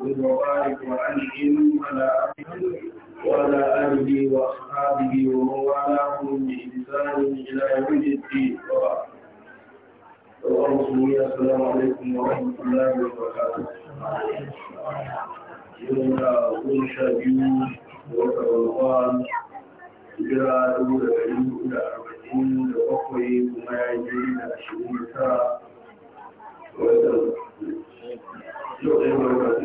وبارك وأنعم على أهله وعلى آله وأصحابه ومن والاهم بإحسان إلى يوم الدين وبعد السلام عليكم ورحمة الله وبركاته. يوم أقول شابين وكرمان jira dubu da ɗari hudu da arba'in da bakwai kuma ya yi jiri da ashirin da tara wata yau ɗaya barkatu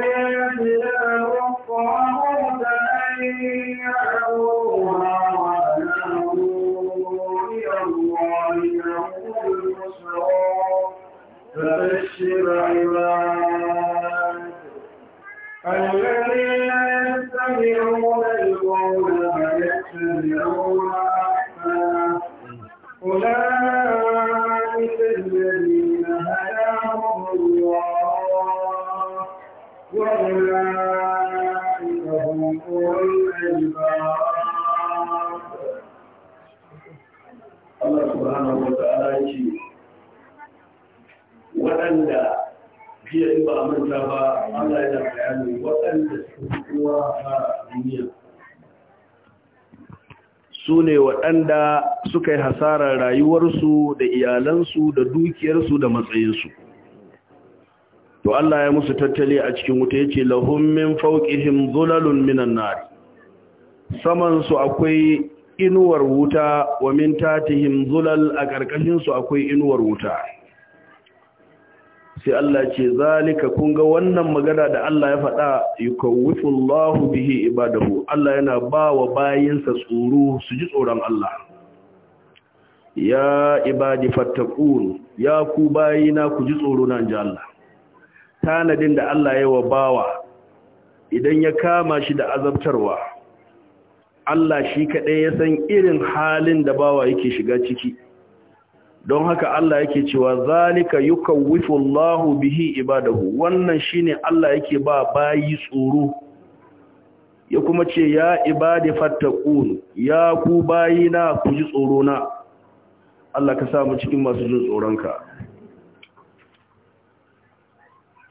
jiya in ba a manta ba Allah yana bayani waɗanda su kowa a duniya su waɗanda suka yi hasarar rayuwarsu da iyalansu da dukiyarsu da matsayinsu to Allah ya musu tattali a cikin wuta ya ce lahum min fawqihim zulalun minan nar saman su akwai inuwar wuta wa min tatihim zulal a ƙarƙashinsu akwai inuwar wuta sai Allah ce zalika kun ga wannan magana da Allah ya faɗa yukawwifullahu bihi ibadahu Allah yana ba wa bayinsa tsoro su ji tsoron Allah ya ibadi fattaqun ya ku bayina ku ji tsoro nan ji Allah tanadin da Allah ya wa bawa idan ya kama shi da azabtarwa Allah shi kaɗai ya san irin halin da bawa yake shiga ciki don haka Allah yake cewa zalika yukawwifu Allahu bihi ibadahu wannan shine Allah yake ba bayi tsoro ya kuma ce ya ibadi fattaqun ya ku bayi na ku ji tsoro na Allah ka sa mu cikin masu jin tsoronka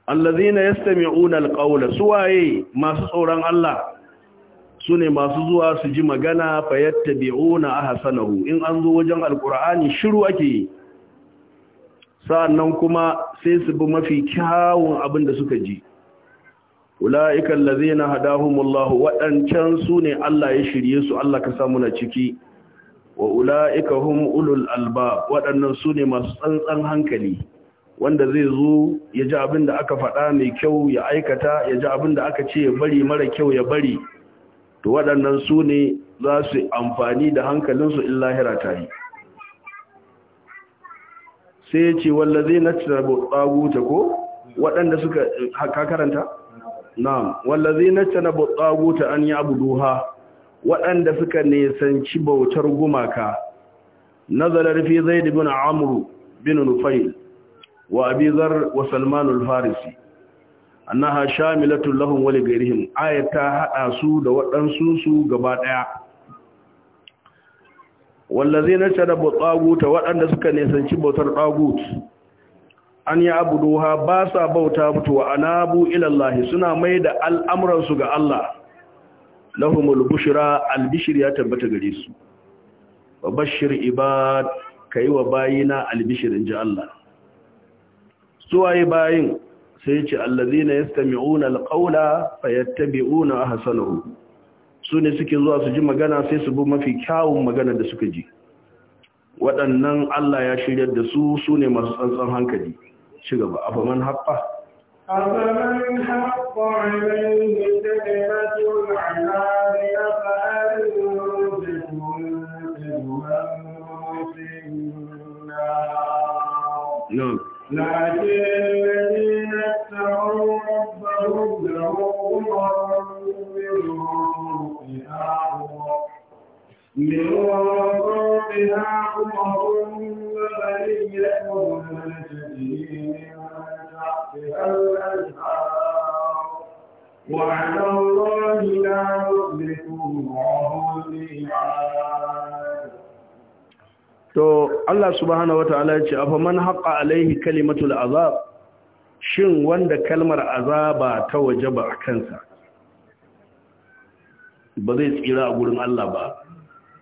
allazina yastami'una alqawla suwaye masu tsoron Allah su ne masu zuwa su ji magana fayyatta bi'una a hasanahu in an zo wajen alkur'ani shiru ake yi sa'annan kuma sai su bi mafi kyawun abin da suka ji ula'ikan lazina hadahumullahu waɗancan su ne Allah ya shirye su Allah ka samu na ciki wa ula'ika hum ulul alba waɗannan su ne masu tsantsan hankali wanda zai zo ya ji abin da aka faɗa mai kyau ya aikata ya ji abin da aka ce ya bari mara kyau ya bari to waɗannan su ne za su amfani da hankalinsu in lahira ta yi sai ya ce zai na tsaguta ko waɗanda suka haka karanta? na'am zai na an yi abu duha waɗanda suka nesanci bautar gumaka na fi zai bin amuru bin nufail wa abizar wa salmanul farisi annaha shamilatul lahum wa lighairihim ayat ta hada su da waɗansu su gaba daya wallazina sharabu ta waɗanda suka nisanci bautar tagut an ya abuduha ba sa bauta mutu wa anabu ila Allah suna mai da al'amuran su ga Allah lahumul bushra albishir ya tabbata gare su wa ibad kai wa bayina albishir inji Allah suwaye bayin sai ce allazina yastami'una alqawla fayattabi'una ahsanahu su ne suke zuwa su ji magana sai su bi mafi kyawun magana da suka ji waɗannan Allah ya shirya da su su masu tsantsan hankali ci gaba afaman man haɓɓa alaihi kalimatun da Allah subhanahu wa ta’ala ya ce, "Afa man haƙa alaihi kalimatul azab shin wanda kalmar azaba ta waje ba a kansa ba zai tsira a gurin Allah ba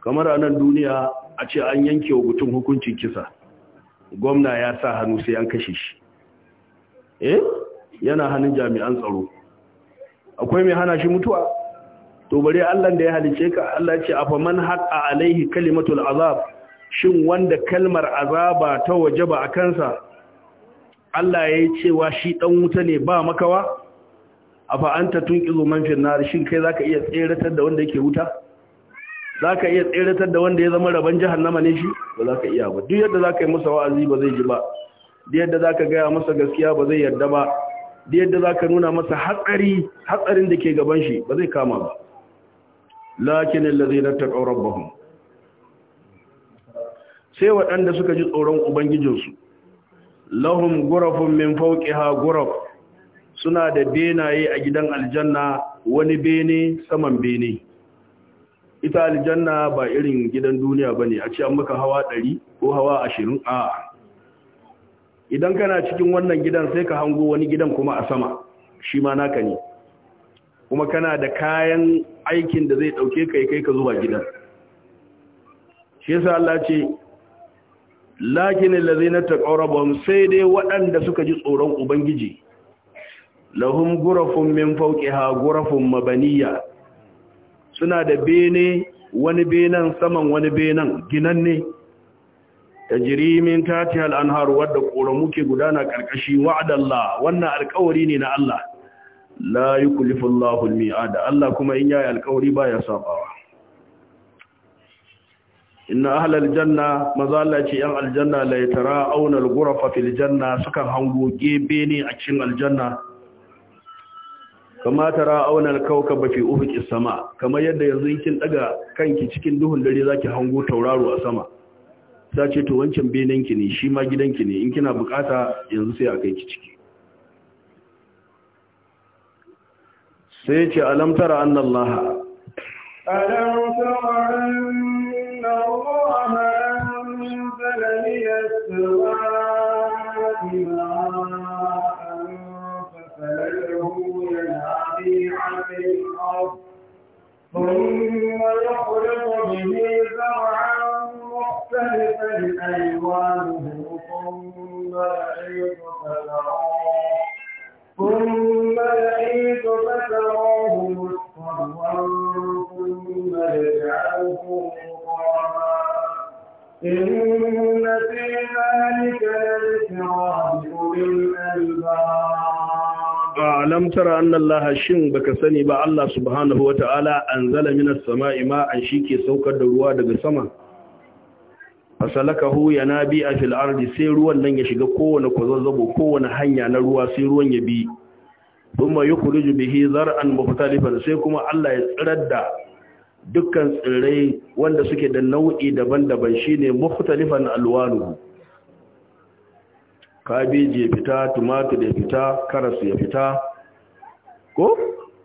kamar a nan duniya a ce an yanke wa mutum hukuncin kisa gwamna ya sa hannu sai an kashe shi eh yana hannun jami'an tsaro akwai mai hana shi mutuwa to bare Allah da ya halice ka Allah ce afa man haqa alaihi kalimatul azab shin wanda kalmar azaba ta waje ba a kansa Allah ya yi cewa shi ɗan wuta ne ba makawa a fa'anta tun ƙizo manfin na shin kai za ka iya tseratar da wanda yake wuta za ka iya tseratar da wanda ya zama rabon nama ne shi ba za ka iya ba duk yadda za ka yi masa wa'azi ba zai ji ba duk yadda za ka gaya masa gaskiya ba zai yarda ba duk yadda za ka nuna masa hatsari hatsarin da ke gaban shi ba zai kama ba lakin allazina taqaw hun. sai waɗanda suka ji tsoron ubangijinsu lahum gurafun min fawqiha guraf suna da benaye a gidan aljanna wani bene saman bene ita aljanna ba irin gidan duniya bane a ce an maka hawa 100 ko hawa 20 a idan kana cikin wannan gidan sai ka hango wani gidan kuma a sama shi ma naka ne kuma kana da kayan aikin da zai dauke kai kai ka zuwa gidan shi yasa Allah ce lakinin lazina ta sai dai waɗanda suka ji tsoron ubangiji lahum gurafun min ha gurafun mabaniya suna da bene wani benen saman wani benen ginanne ta jirimin tati al'anhar wadda ƙoramu ke gudana ƙarƙashi wa'adallah wannan alƙawari ne na Allah la yi kulifin da Allah kuma in yayi alƙawari ba ya sabawa inna ahlal janna maza Allah ce yan aljanna la yatara'una al-ghurafa fil janna sukan hango gebe ne a cikin aljanna kama tara'una al-kawkaba fi ufuqis sama kamar yadda yanzu kin daga kanki cikin duhun dare zaki hango tauraro a sama sace to wancan benenki ne shi ma gidanki ne in kina bukata yanzu sai a kai ki ciki sai ce alam tara annallaha alam tara إن الله أنزل من السماء ماء فسلكه ينابيع في الأرض ثم يخرج به زرعا مختلفا ألوانه ثم يعيد فتراه ثم يعيد فتراه مصفرا ثم يجعله إن في ذلك لذكرى لأولي الألباب ألم ترى أن الله شن بك سني با الله سبحانه وتعالى أنزل من السماء ماء شيكي سوكر دروا دغ سما fasalakahu yanabi'a fil ardi sai ruwan nan ya shiga kowane kwazazzabo kowane hanya na ruwa sai ruwan ya bi kuma yukhriju an zar'an mukhtalifan sai kuma Allah ya tsirar da dukkan tsirrai wanda suke da nau'i daban-daban shine mukhtalifan alwanuhu kabeji ya fita tumatir ya fita karas ya fita ko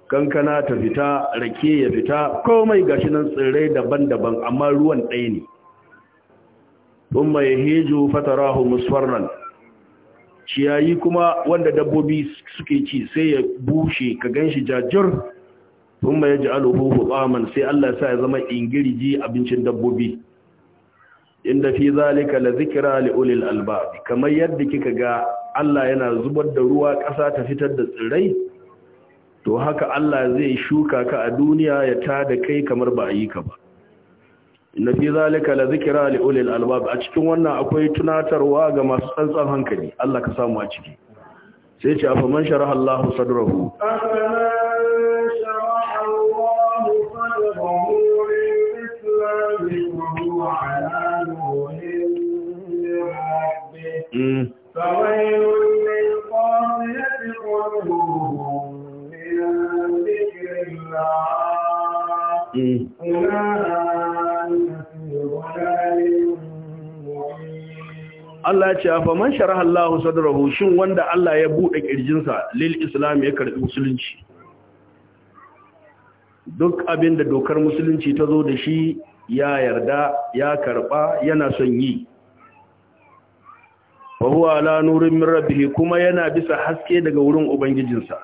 kankana ta fita rake ya fita komai gashi nan tsirrai daban-daban amma ruwan ɗaya ne thumma yahizu fatarahu musfarran ciyayi kuma wanda dabbobi suke ci sai ya bushe ka ganshi jajir sun ma ya ji aluhu sai Allah sa ya zama ingirji abincin dabbobi inda fi zalika la zikira li ulil albab kamar yadda kika ga Allah yana zubar da ruwa ƙasa ta fitar da tsirrai to haka Allah zai shuka ka a duniya ya tada kai kamar ba a yi ka ba inna fi zalika la zikira li ulil albab a cikin wannan akwai tunatarwa ga masu tsantsan hankali Allah ka samu a ciki sai ce afaman sharaha Allahu sadrahu Mm. Mm. Allah ya ce fa man sharaha Allahu sadrahu shin wanda Allah ya buɗe ƙirjinsa, lil islam ya karɓi musulunci duk abinda dokar musulunci ta zo da shi ya yarda ya karɓa yana son yi wa huwa ala nurin min rabbihi kuma yana bisa haske daga wurin ubangijinsa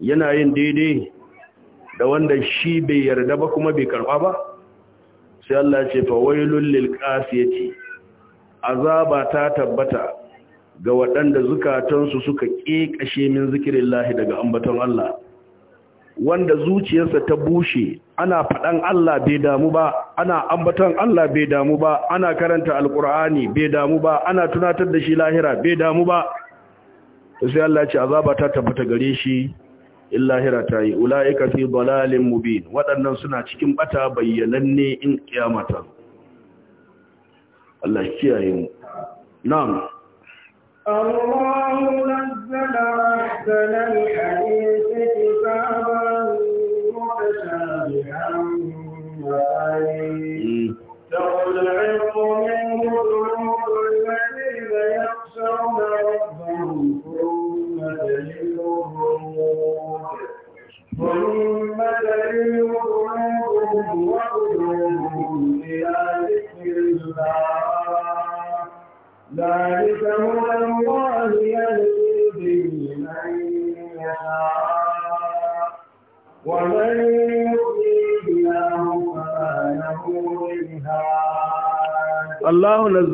yana yin daidai da wanda shi bai yarda ba kuma bai karba ba sai Allah ce fa wailul lil qasiyati azaba ta tabbata ga waɗanda zukatansu suka ƙeƙashe min zikirin daga ambaton Allah wanda zuciyarsa ta bushe ana faɗan Allah bai damu ba ana ambaton Allah bai damu ba ana karanta alkur'ani bai damu ba ana tunatar da shi lahira bai damu ba sai Allah ya ce azaba ta tabbata gare shi in lahira ta yi ula'ika fi dalalin mubin waɗannan suna cikin bata bayyananne in kiyamata Allah ya kiyaye mu na'am Allahu nazzala sanan hadisi عما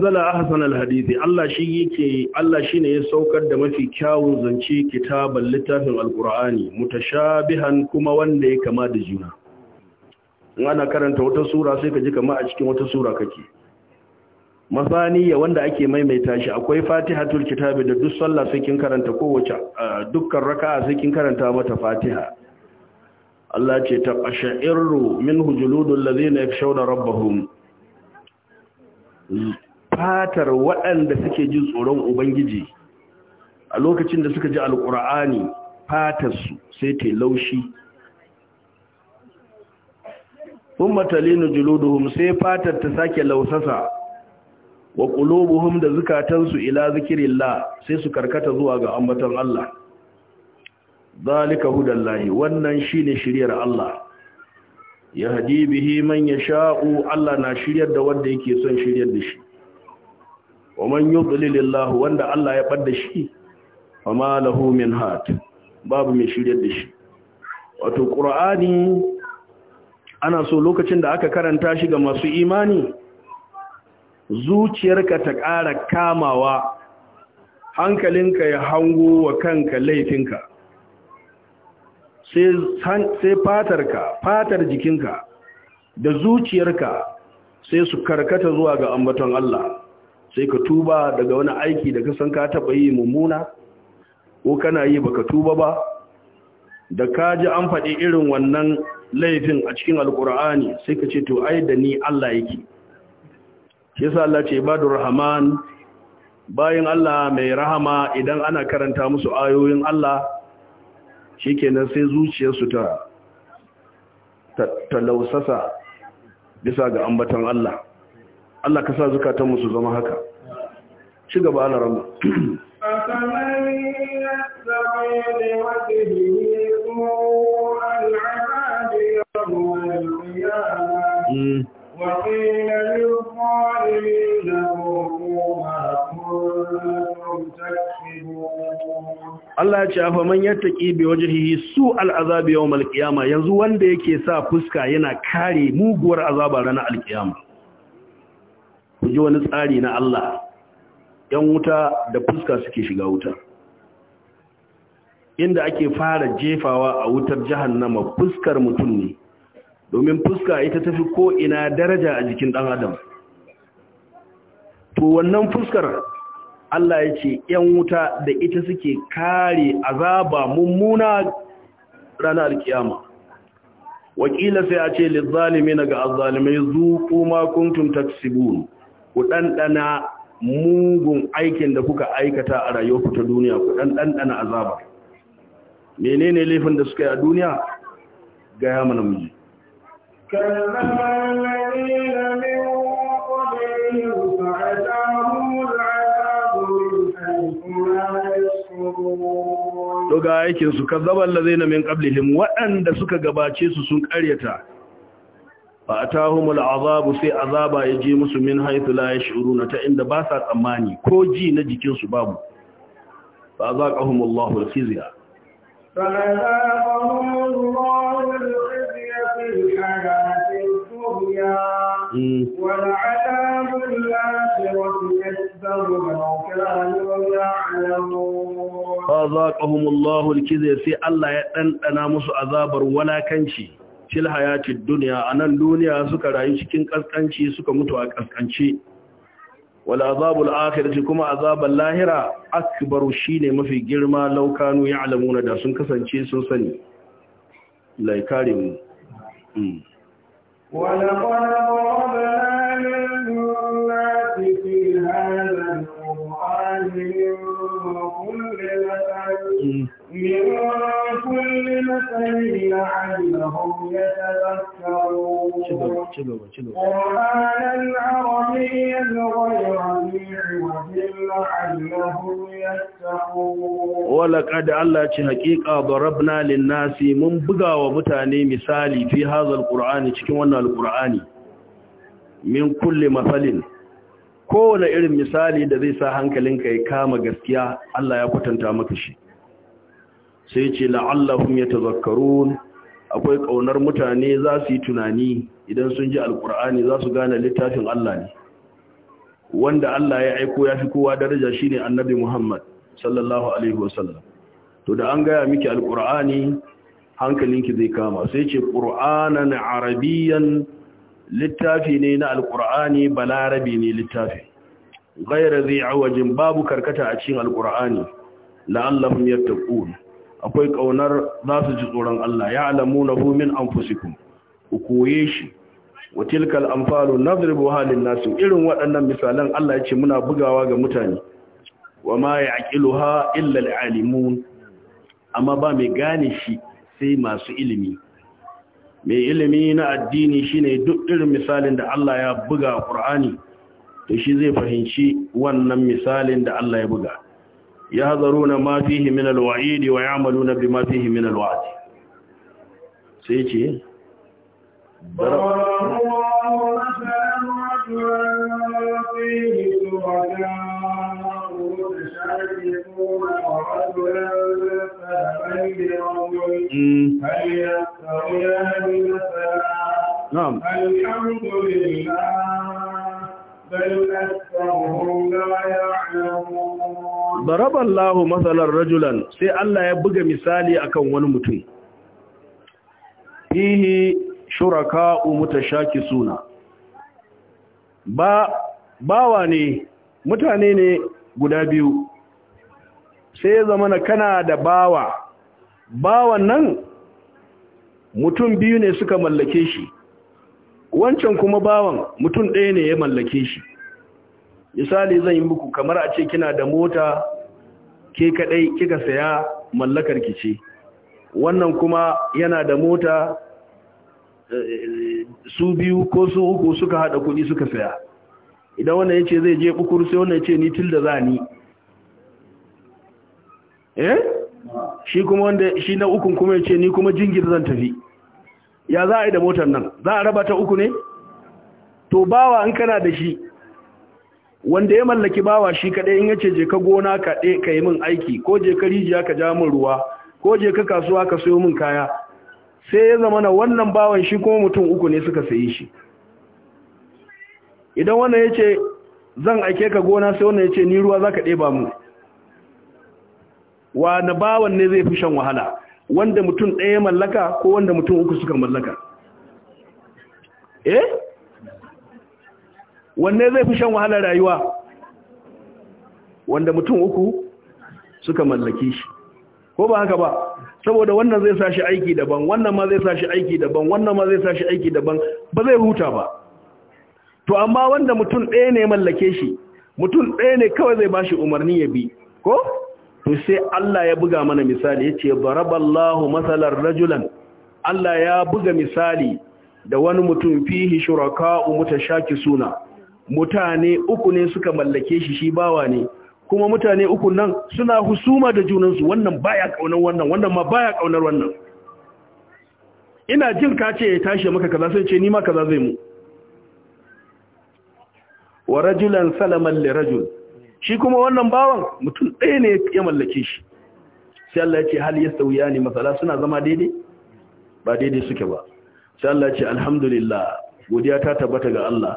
anzala ahsan hadisi Allah shi yake Allah shine ya saukar da mafi kyawun zance kitaban littafin alqur'ani mutashabihan kuma wanda ya kama da juna in ana karanta wata sura sai ka ji kama a cikin wata sura kake masaniya wanda ake maimaita shi akwai fatihatul kitabi da duk sallah sai kin karanta kowace dukkan raka'a sai kin karanta mata fatiha Allah ce ta qashairu minhu juludul ladina yakshawna rabbahum fatar waɗanda suke jin tsoron ubangiji a lokacin da suka ji alƙur'ani fatarsu sai ta laushi sun juluduhum sai fatar ta sake lausasa wa ƙulubuhum da zukatansu ila zikirillah sai su karkata zuwa ga ambatan Allah zalika hudallahi wannan shi ne shiryar Allah ya hadi bihi man sha'u. Allah na shiryar da wanda yake son shiryar da shi wa man yudlil Allah wanda Allah ya bada shi fama lahu min hat babu mai da shi wato qur'ani ana so lokacin da aka karanta shi ga masu imani zuciyarka ta ƙara kamawa hankalinka ya hango wa kanka laifinka sai fatarka fatar jikinka da zuciyarka sai su karkata zuwa ga ambaton Allah sai ka tuba daga wani aiki da ka san ka taba yi mummuna ko kana yi baka tuba ba da ka ji an faɗi irin wannan laifin a cikin alkur'ani sai ka ce to ai da ni Allah yake shi yasa Allah ce ibadur rahman bayin Allah mai rahama idan ana karanta musu ayoyin Allah shikenan sai zuciyarsu ta ta lausasa bisa ga ambaton Allah Allah ka sa zukatan musu su zama haka ci gaba ala rama Allah ya ce fa man ƙibe waje hihi su al'aza biyar wa qiyamah yanzu wanda yake sa fuska yana kare muguwar azaba ranar al ku ji wani tsari na Allah ‘yan wuta da fuska suke shiga wuta inda ake fara jefawa a wutar jahannama fuskar mutum ne domin fuska ita tafi ko ina daraja a jikin ɗan adam to wannan fuskar Allah ya ce ‘yan wuta da ita suke kare azaba mummuna ranar alkiyama wakila sai a ce lizzalimi na ga azzalimai zuku makuntun kuntum taksibun ku ɗanɗana mugun aikin da kuka aikata a rayuwa ta duniya ku ɗanɗana azaba menene laifin da suka yi a duniya gaya mana miji ga aikinsu, kazzaban lazai na min ƙablihim waɗanda suka gabace su sun ƙaryata fa atahumul azabu sai azaba ya je musu min haythu la yash'uruna ta inda ba sa tsammani ko ji na jikin su babu fa azaqahumullahu al-khizya fa azaqahumullahu al-khizya fil hayati ad-dunya wal 'adabu al-akhirati akbar law kanu ya'lamun fa azaqahumullahu al-khizya sai Allah ya dandana musu azabar walakanci fil hayatid dunya anan duniya suka rayu cikin kaskanci suka mutu a kaskanci wal azabul akhirati kuma azabul lahira akbaru shine mafi girma laukanu ya'lamuna da sun kasance sun sani hmm. wa laqad ضربنا Ki zama da gaskiya roƙo, Allah ce haƙiƙawa ba rabu na linnasi mun buga wa mutane misali fiye hala Alƙur'ani cikin wannan Alƙur'ani, mun kulle matsalin. Kowane irin misali da zai sa hankali ka ya kama gaskiya, Allah ya kwatanta maka shi. sai ce la'allahum yatazakkarun akwai ƙaunar mutane za su yi tunani idan sun ji Alƙur'ani za su gane littafin Allah ne wanda Allah ya aiko ya fi kowa daraja shine annabi Muhammad sallallahu alaihi wasallam to da an gaya miki alkur'ani hankalinki zai kama sai ce qur'anan Arabiyan littafi ne na alkur'ani balarabi ne littafi ghayra zai awajin babu karkata a cikin alkur'ani la'allahum yattaqun akwai ƙaunar za su ji tsoron Allah ya alamu na fumin an fusikun ku koye shi wa tilkal amfalu nadribu halin nasu irin waɗannan misalan Allah ya ce muna bugawa ga mutane wa ma ya ha illal alimun amma ba mai gane shi sai masu ilimi mai ilimi na addini shine duk irin misalin da Allah ya buga a Qur'ani to shi zai fahimci wannan misalin da Allah ya buga يهذرون ما فيه من الوعيد ويعملون بما فيه من الوعد سيتي ضرب الله mm. رجلا mm. ورجلا نعم الحمد لله بل أكثرهم لا يعلمون Baraban lahu matsalar rajulan sai Allah ya buga misali akan wani mutum fihi shuraka'u mutashaki suna ba bawa ne mutane ne guda biyu sai zamana kana da bawa bawan nan mutum biyu ne suka mallake shi wancan kuma bawan mutum ɗaya ne ya mallake shi misali zan yi muku kamar a ce kina da mota ke kadai kika saya mallakar ki ce wannan kuma yana da mota eh, su biyu ko su uku suka hada kuɗi suka saya idan wannan yace zai je bukuru sai wannan yace ni tilda za ni eh shi kuma wanda shi na ukun kuma yace ni kuma jingir zan tafi ya za a yi da motar nan za a raba ta uku ne to bawa an kana da shi wanda ya mallaki bawa shi kaɗai in yace je ka gona ka ka yi min aiki ko je ka rijiya ka ja min ruwa ko je ka kasuwa ka sayo min kaya sai ya zama na wannan bawan shi kuma mutum uku ne suka sayi shi idan wannan ya ce zan aike ka gona sai wannan ya ce ni ruwa za ka ɗeba mu wa na bawan ne zai fi shan wahala wanda mutum ɗaya mallaka ko wanda mutum uku suka mallaka eh wanne zai fi shan wahalar rayuwa wanda mutum uku suka mallaki shi ko ba haka ba saboda wannan zai sa shi aiki daban wannan ma zai sa shi aiki daban wannan ma zai sa shi aiki daban ba zai huta ba to amma wanda mutum ɗaya ne mallake shi mutum ɗaya ne kawai zai ba shi umarni ya bi ko to sai Allah ya buga mana misali yace baraballahu masalan rajulan Allah ya buga misali da wani mutum fihi shuraka'u suna. mutane uku ne suka mallake shi shi bawa ne kuma mutane uku nan suna husuma da junansu wannan baya kaunar wannan wannan ma baya kaunar wannan ina jin ka ce ya tashi maka kaza sai ce ni ma kaza zai mu wa rajulan salaman li rajul shi kuma wannan bawan mutum ɗaya ne ya mallake shi sai Allah ya ce hal yastawiyani masala suna zama daidai ba daidai suke ba sai Allah ya ce alhamdulillah godiya ta tabbata ga Allah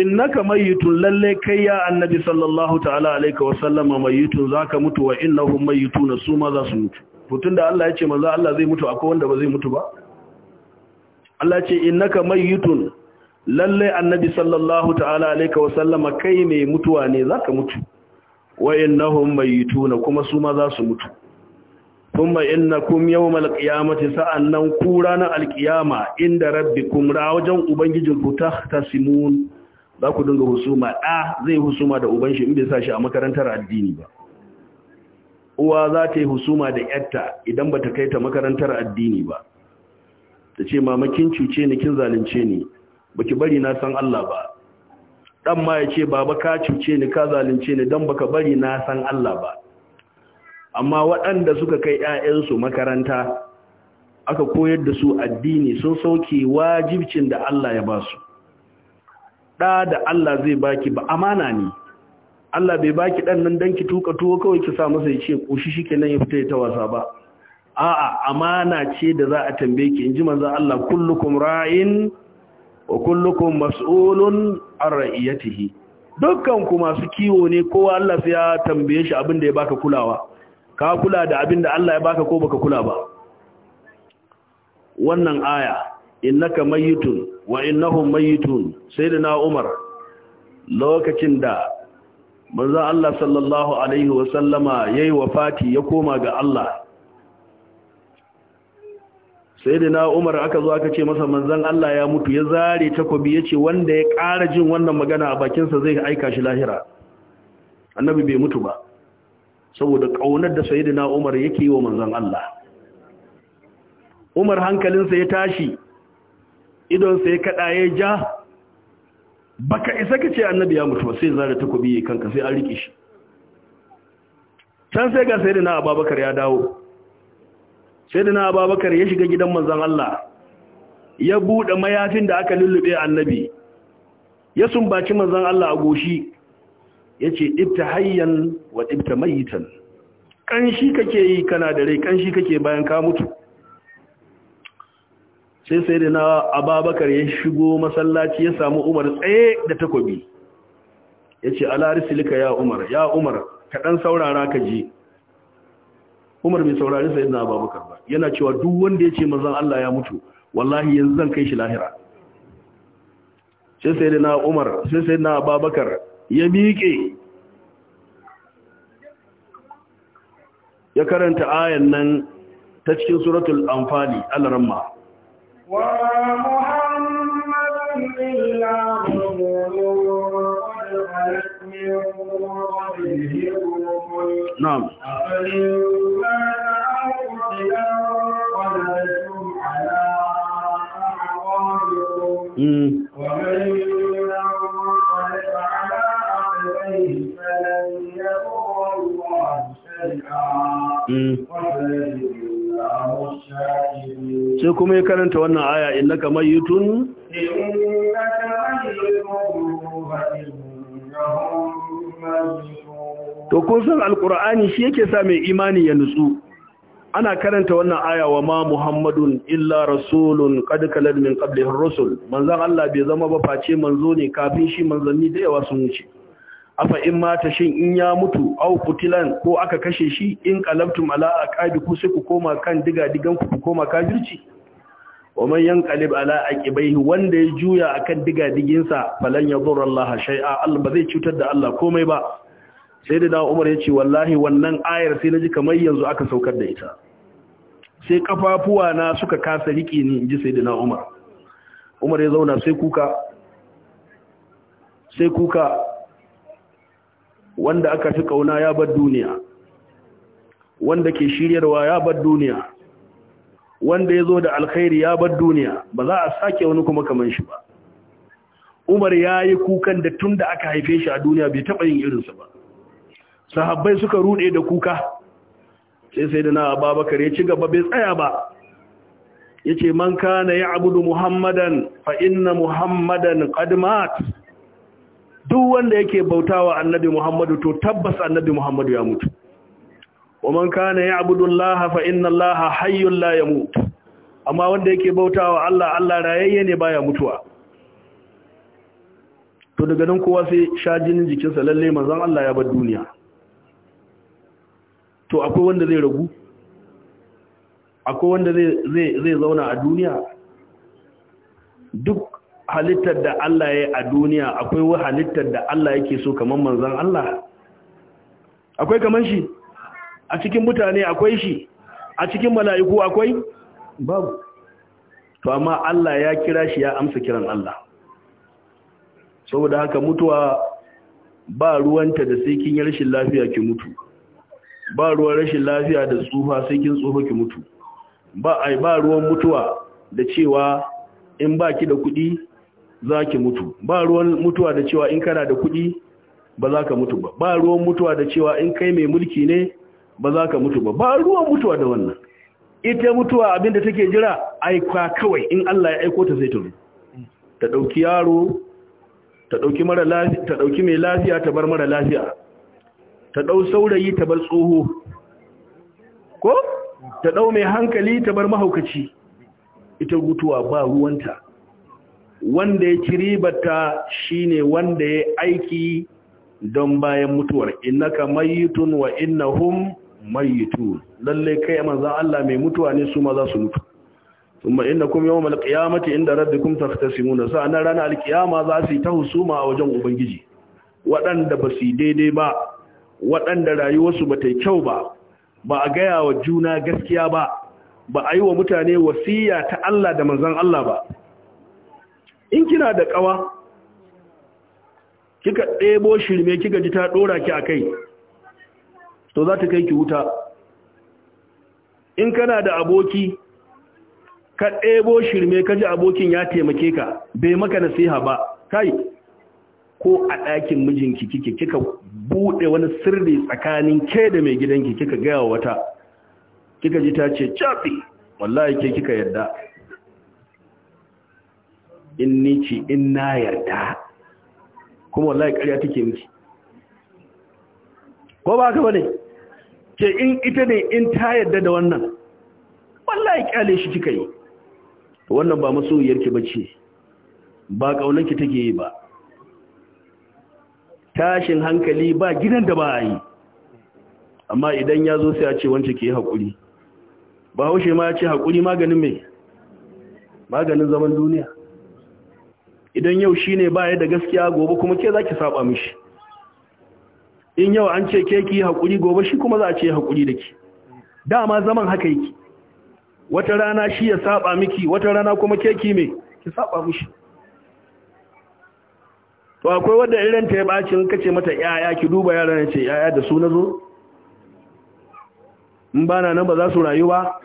innaka mayyitun lallai kai ya annabi sallallahu ta'ala alayka wa sallama mayyitun zaka mutu wa innahum mayyitun su ma za su mutu mutun da Allah ya ce manzo Allah zai mutu akwai wanda ba zai mutu ba Allah ya ce innaka mayyitun lalle annabi sallallahu ta'ala alayka wa sallama kai mai mutuwa ne zaka mutu wa innahum mayyitun kuma su ma za su mutu thumma innakum yawmal qiyamati sa'annan ku ranar alqiyama inda rabbikum ra wajen ubangijinku tahtasimun za ku dinga husuma ɗa zai husuma da uban shi in bai sa shi a makarantar addini ba uwa za ta yi husuma da yarta idan ba ta kai ta makarantar addini ba ta ce mamakin cuce ni kin zalunce ni baki bari na san Allah ba dan ma ya ce baba ka cuce ni ka zalunce ni dan baka bari na san Allah ba amma waɗanda suka kai 'ya'yansu makaranta aka koyar da su addini sun sauke wajibcin da Allah ya ba su Da da Allah zai baki ba amana ne Allah bai baki dan nan danki ki tuka tuwo kawai ki sa masa ya koshi ƙoshi nan ya fita ta wasa ba a'a amana ce da za a tambaye ki in ji manzo Allah kullukum ra'in wa kullukum mas'ulun an ra'iyatihi dukkan ku masu kiwo ne kowa Allah sai ya tambaye shi abin da ya baka kulawa ka kula da abin da Allah ya baka ko baka kula ba wannan aya innaka mayitun wa innahum mayitun sayyidina umar lokacin da manzo Allah sallallahu alaihi wa sallama yayi wafati ya koma ga Allah sayyidina umar aka zo aka ce masa manzon Allah ya mutu ya zare takobi yace wanda ya ƙara jin wannan magana a bakin sa zai aika shi lahira annabi bai mutu ba saboda kaunar da sayyidina umar yake yi wa manzon Allah umar hankalinsa ya tashi idonsa sai kaɗa ya ja baka isa ka ce annabi ya mutu sai zara takobi kanka sai an riƙe shi can sai ga sai na ababakar ya dawo sai na ababakar ya shiga gidan manzon Allah ya buɗe mayafin da aka lullube annabi ya sumbaci manzan Allah a goshi yace ce hayyan wa ɗibta mayitan ƙanshi kake yi kana da rai ƙanshi kake bayan ka mutu sai sai da na ababakar ya shigo masallaci ya samu umar tsaye da takobi ya ce alarisilika ya umar ya umar kaɗan saurara ka ji umar bai saurari sai da ababakar ba yana cewa duk wanda ya ce mazan Allah ya mutu wallahi yanzu zan kai shi lahira sai sai da na umar sai sai da na ababakar ya miƙe ya karanta ayan nan ta cikin suratul anfali al-ramma وما محمد إلا رسول قد خلت من قبله الرسل نعم أفإن كان أو قتلا قدرتم على أعراضكم ومن Mm. sai kuma ya karanta wannan aya innaka mayyitun to kun san alqur'ani shi yake sa mai imani ya nutsu ana karanta wannan aya wa ma muhammadun illa rasulun qad kalad min qablihi rusul manzon Allah bai zama ba face manzo ne kafin shi manzanni da yawa sun wuce afa in mata shin in ya mutu au kutilan ko aka kashe shi in qalabtum ala ku sai ku koma kan diga digan ku koma kafirci wa man yanqalib ala aqibaihi wanda ya juya akan diga diginsa falan yadurra Allah shay'a Allah ba zai cutar da Allah komai ba sai da Umar ya ce wallahi wannan ayar sai naji kamar yanzu aka saukar da ita sai kafafuwa na suka kasa rike ni inji sayyidina Umar Umar ya zauna sai kuka sai kuka wanda aka fi kauna ya bar duniya wanda ke shiryarwa ya bar duniya wanda ya zo da alkhairi ya bar duniya ba za a sake wani kuma kamar shi ba umar ya yi kukan da tun da aka haife shi a duniya bai taɓa yin irinsa ba sahabbai suka ruɗe da kuka sai sai da na ababakar ya ci gaba bai tsaya ba ya ce man kana ya abudu muhammadan fa inna muhammadan kadmat. duk wanda yake bautawa annabi Muhammadu to tabbas annabi Muhammadu ya mutu waman kana ya'budu Allah fa inna Allah hayyun la yamut amma wanda yake bautawa Allah Allah rayayye ne baya mutuwa to daga nan kowa sai sha jinin jikinsa lalle manzon Allah ya bar duniya to akwai wanda zai ragu akwai wanda zai zauna a duniya duk halittar da Allah ya a duniya akwai wa halittar da Allah yake so kamar manzan Allah akwai kamar shi a cikin mutane akwai shi a cikin mala'iku akwai babu to amma Allah ya kira shi ya amsa kiran Allah saboda haka mutuwa ba ruwanta da sai kin yi rashin lafiya ki mutu ba ruwan rashin lafiya da tsufa sai kin tsufa ki mutu ba ai ba ruwan mutuwa da cewa in ba ki da kuɗi za ki mutu ba ruwan mutuwa da cewa in kana da kuɗi ba za ka mutu ba ba ruwan mutuwa da cewa in kai mai mulki ne ba za ka mutu ba ba ruwan mutuwa da wannan ita mutuwa abinda take jira aikwa kawai in Allah ya aiko ta sai ta ta dauki yaro ta dauki mara lafiya ta dauki mai lafiya ta bar mara lafiya ta dau saurayi ta bar tsoho ko ta dau mai hankali ta bar mahaukaci ita gutuwa ba ruwanta wanda ya ci ribata ne wanda ya aiki don bayan mutuwar innaka mayitun wa innahum mayitu lalle kai manzo Allah mai mutuwa ne su ma za su mutu kuma innakum yawmal qiyamati inda rabbikum taftasimuna sa'an ranar alkiyama za su yi ta husuma a wajen ubangiji waɗanda ba su daidai ba waɗanda rayuwarsu ba ta yi kyau ba ba a gaya wa juna gaskiya ba ba a yi wa mutane wasiya ta Allah da manzon Allah ba in kina da kawa kika ɗebo shirme kika ji ta ɗora ki a kai to za ta kai ki wuta in kana da aboki ka ɗebo shirme ka ji abokin ya taimake ka bai maka nasiha ba kai ko a ɗakin mijinki kike kika buɗe wani sirri tsakanin ke da mai gidanki kika gaya wata kika ji ta ce cafi wallahi ke kika yadda in ni ce in na yarda kuma wallahi ƙarya take miki ko ba ka bane ce in ita ne in ta yarda da wannan wallahi ƙyale shi kika yi wannan ba ki bace ba kaunanki take yi ba tashin hankali ba gidan da ba a yi amma idan ya zo sai a ce wance ke haƙuri ba haushe ma ya ce haƙuri maganin mai maganin zaman duniya idan yau shi ne baya da gaskiya gobe kuma ke ki saba mishi in yau an ce ke ki hakuri gobe shi kuma za a ce hakuri ki? dama zaman haka yake wata rana shi ya saba miki wata rana kuma ke ki me ki saba mishi to akwai wanda irin ta ya baci kace mata yaya ki duba yaran ya ce yaya da su nazo in bana nan ba za su rayu ba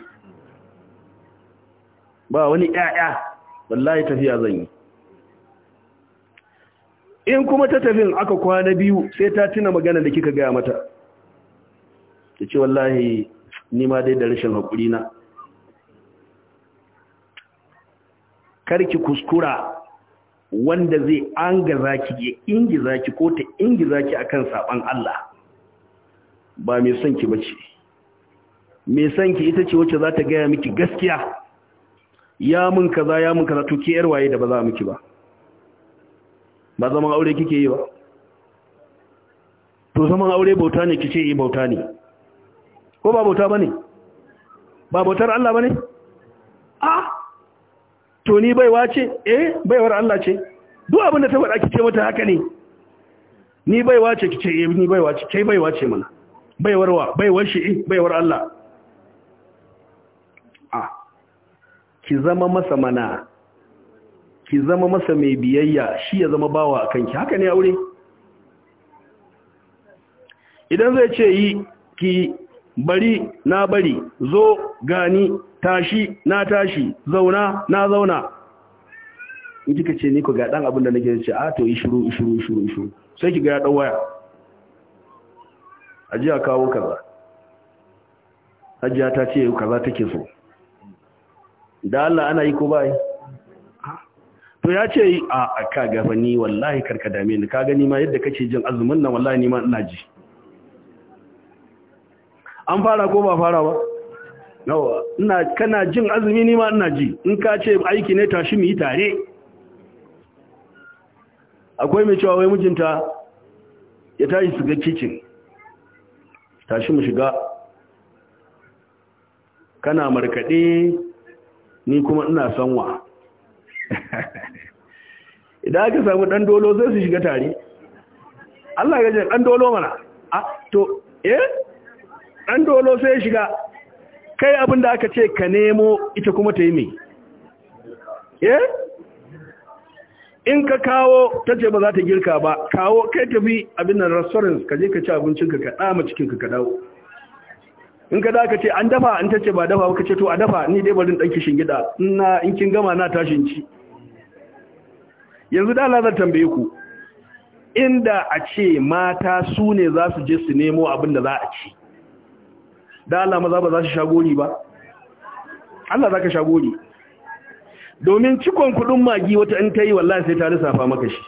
ba wani yaya wallahi tafiya zan yi in kuma ta tafin aka kwana biyu sai ta tuna magana da kika gaya mata ta ce wallahi ni ma dai da rashin haƙuri na karki kuskura wanda zai an gaza ki ya ingiza ki ko ta ingiza ki akan saban Allah ba mai son ki bace mai son ki ita ce wacce za ta gaya miki gaskiya ya mun kaza ya mun kaza to ke yar waye da ba za miki ba ba zaman aure kike yi ba to zaman aure bauta ne kice yi bauta ne ko ba bauta bane ba bautar Allah bane a to ni baiwa ce eh baiwar Allah ce duk abin da ta faɗa kike mata haka ne ni baiwa ce kice eh ni baiwa ce kai baiwa ce mana Baiwarwa, baiwar shi eh baiwar Allah Ah! ki zama masa mana ki zama masa mai biyayya shi ya zama bawa a kanki haka ne aure idan zai ce yi ki bari na bari zo gani tashi na tashi zauna na zauna in kika ce ni ku ga dan abin da nake ce a ah, to yi shiru shiru shiru shiru sai ki ga ya dan waya ajiya kawo kaza ajiya ta ce kaza take so da Allah ana yi ko ba yi to ya ce a ka gaba ni wallahi karka dame ni ka gani ma yadda kake jin azumin nan wallahi ni ma ina ji an fara ko ba fara ba nawa ina kana jin azumi ni ma ina ji in ka ce aiki ne tashi mu yi tare akwai mai cewa wai mijinta ya tashi su ga tashi mu shiga kana markaɗe ni kuma ina sanwa idan aka samu dan dolo zai su shiga tare Allah ya ce dan dolo mana a to eh dan dolo sai ya shiga kai abin da aka ce ka nemo ita kuma ta yi mai eh in ka kawo ta ce ba za ta girka ba kawo kai tafi abin nan restaurant ka je ka ci abincin ka dama cikinka ka dawo in ka da ka ce an dafa an ta ce ba dafa ka ce to a dafa ni dai barin ɗan kishin gida ina in kin gama na tashin ci yanzu da Allah zan tambaye ku inda a ce mata su ne za su je su nemo abin da za a ci da Allah maza ba za su shagori ba Allah za ka shagori domin cikon kudin magi wata in ta yi wallahi sai ta lissafa maka shi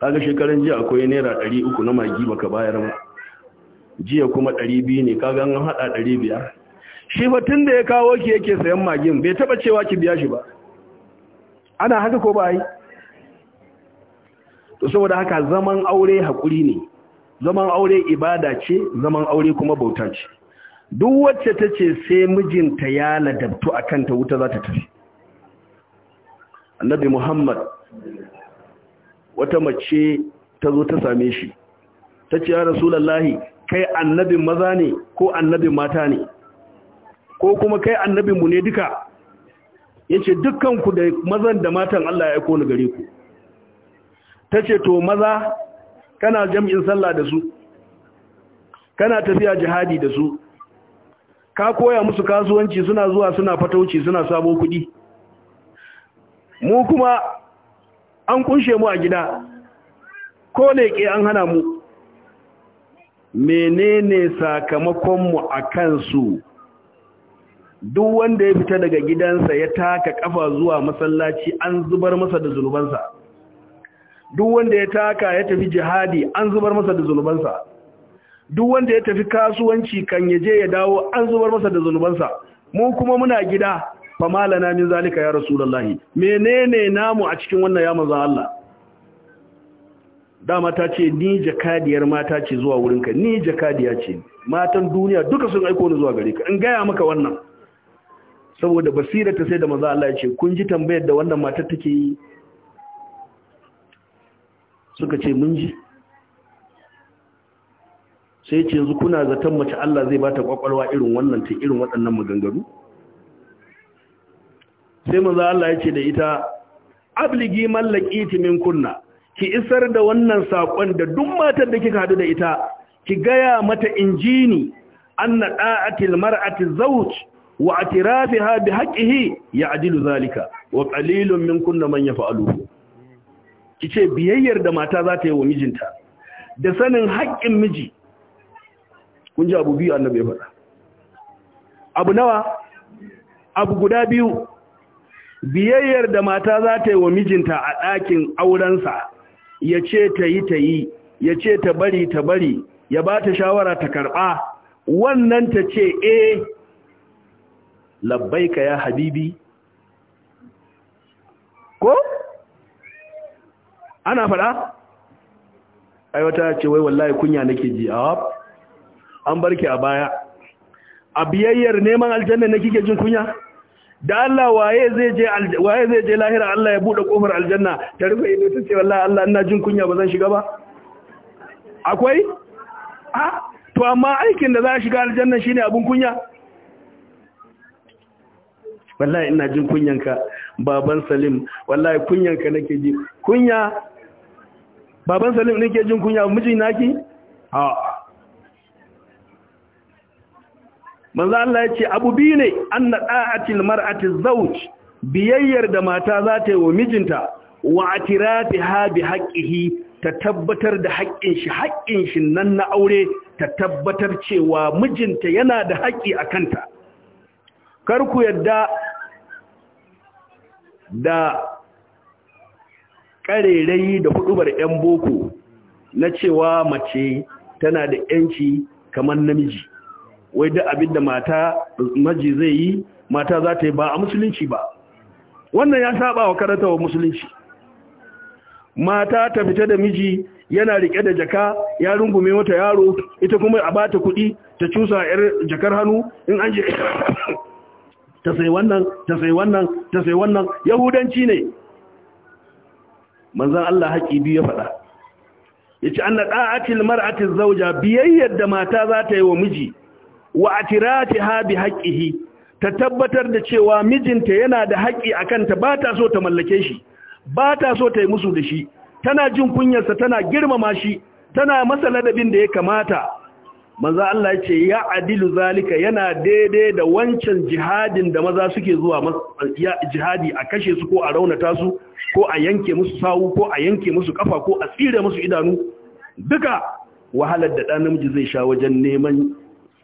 kaga shekaran jiya akwai naira 300 na magi baka bayar ba jiya kuma 200 ne kaga an hada 500 shi batun da ya kawo ki yake sayan magin bai taba cewa ki biya shi ba ana haka ko ba yi to saboda haka zaman aure hakuri ne zaman aure ibada ce zaman aure kuma bauta ce duk wacce ta ce sai mijinta ya ladabtu a kanta wuta za ta tafi annabi muhammad wata mace ta zo ta same shi ta ce ya rasulallahi kai annabin maza ne ko annabin mata ne ko kuma kai annabinmu ne duka Ya ce dukkanku da mazan da matan Allah ya aiko ni gare ku ce to maza kana jam'in sallah da su kana tafiya jihadi da su ka koya musu kasuwanci suna zuwa suna fatauci suna sabo kuɗi mu kuma an kunshe mu a gida ko leƙe an hana mu menene sakamakonmu a kansu duk wanda ya fita daga gidansa ya taka kafa zuwa masallaci an zubar masa da zulubansa duk wanda ya taka ya tafi jihadi an zubar masa da zulubansa duk wanda ya tafi kasuwanci kan yaje ya dawo an zubar masa da zulubansa mu kuma muna gida fa malana min zalika ya rasulullahi menene namu a cikin wannan ya manzon Allah dama ta ce ni jakadiyar mata ce zuwa wurinka ni jakadiya ce matan duniya duka sun aiko ni zuwa gare ka in gaya maka wannan saboda basira ta sai da maza Allah ya ce kun ji tambayar da wannan matar take yi suka ce mun ji sai ce yanzu kuna zaton mace Allah zai ba ta kwakwalwa irin wannan ta irin waɗannan maganganu sai maza Allah ya ce da ita abligi mallaki min kunna ki isar da wannan sakon da duk matar da kika hadu da ita ki gaya mata injini anna da'atil mar'ati zawj wa atirafiha bi haqqihi ya'dilu zalika wa qalilun minkum man yaf'aluhu kice biyayyar da mata za ta yi wa mijinta da sanin haƙƙin miji kun ji abu biyu annabi ya faɗa abu nawa abu guda biyu biyayyar da mata za ta yi wa mijinta a ɗakin aurensa ya ce ta yi ta yi ya ce ta bari ta bari ya ba ta shawara ta karɓa wannan ta ce eh labbaika ya habibi ko ana faɗa ai wata ce wai wallahi kunya nake ji a an barke a baya a biyayyar neman aljanna ne kike jin kunya da Allah waye zai je waye zai je lahira Allah ya bude kofar aljanna ta rufe ido ta ce wallahi Allah ina jin kunya ba zan shiga ba akwai a ah, to amma aikin da za a shiga aljanna shine abun kunya wallahi ina jin kunyanka baban salim wallahi kunyanka nake ji kunya baban salim nake jin kunya miji naki a manzo Allah ya ce abu bi ne anna da'atil mar'ati zawj biyayyar da mata za ta yi wa mijinta wa atiratiha bi haqqihi ta tabbatar da haƙƙin shi haƙƙin shi nan na aure ta tabbatar cewa mijinta yana da haƙƙi a kanta kar ku yadda da ƙarerayi da hudubar 'yan boko na cewa mace tana da 'yanci kamar namiji wai da abin da mata maji zai yi mata za ta yi ba a musulunci ba wannan ya saba wa karanta wa musulunci mata ta fita da miji yana rike da jaka ya rungume wata yaro ita kuma a bata kuɗi ta cusa 'yar jakar hannu in an je ta sai wannan ta sai wannan ta sai wannan yahudanci ne manzon Allah haƙi biyu ya faɗa yace anna da'atil mar'ati zawja biyayyar da mata za ta yi wa miji wa atiratiha bi haqqihi ta tabbatar da cewa mijinta yana da haƙi akan ta ba ta so ta mallake shi ba ta so ta yi musu da shi tana jin kunyarsa tana girmama shi tana masa ladabin da ya kamata Maza Allah ya ce ya adilu zalika yana daidai da wancan jihadin da maza suke zuwa jihadi a kashe su ko a raunata su ko a yanke musu sawu ko a yanke musu kafa ko a tsire musu idanu duka wahalar da ɗan namiji zai sha wajen neman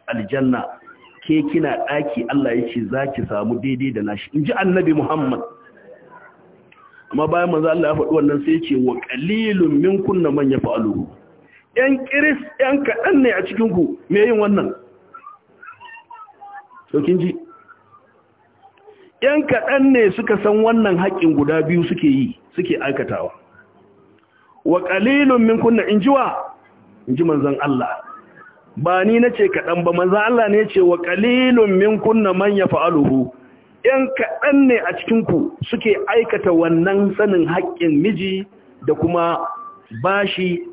aljanna ke kina ɗaki Allah ya ce za ki samu daidai da nashi in ji annabi Muhammad amma bayan manzo Allah ya faɗi wannan sai ya ce wa qalilun kunna man yafa'aluhu ‘yan ƙiris ‘yan kaɗan ne a cikinku mai yin wannan saukin ji ‘yan kaɗan ne suka san wannan haƙƙin guda biyu suke yi suke aikatawa wa ƙalilun min kunna in jiwa in ji manzan Allah ba ni na ce kaɗan ba manzan Allah ne ce wa ƙalilun min kunna manya fa'aluhu ‘yan kaɗan ne a cikinku suke aikata wannan sanin haƙƙin miji da kuma bashi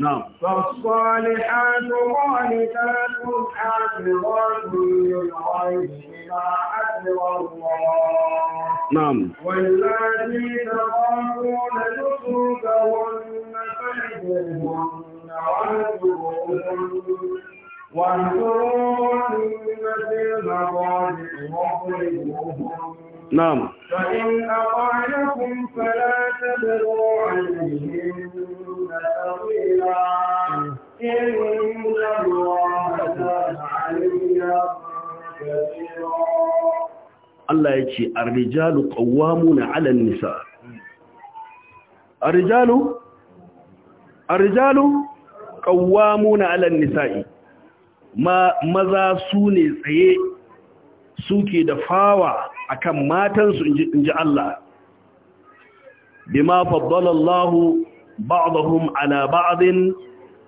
نعم فالصالحات قانتات حافظات للغيب نعم واللاتي فاحذرهن واهجروهن في المضاجع واضربوهن نعم فإن أطعنكم فلا تبغوا عليهن سبيلا إن الله كان عليا كثيرا Allah ya ce, "Arrijalu ƙawwamuna alan nisa." Arrijalu? Arrijalu ƙawwamuna alan nisa'i. maza su ne tsaye suke da fawa akan matansu in ji Allah bima faddala Allah ba'dahum ala ba'din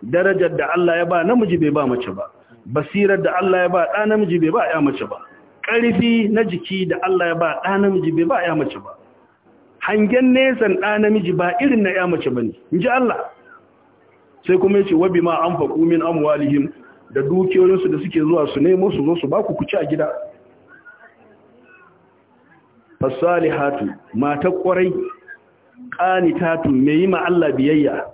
darajar da Allah ya ba namiji bai ba mace ba basirar da Allah ya ba ɗa namiji bai ba ya mace ba ƙarfi na jiki da Allah ya ba ɗa namiji bai ba ya mace ba hangen nesan ɗa namiji ba irin na ya mace ba ne in ji Allah sai kuma ya ce wabi ma an faƙumin amwalihim da dukiyoyinsu da suke zuwa su nemo su zo su baku ku ci a gida fasalihatu mata kwarai qanitatun mai ma Allah biyayya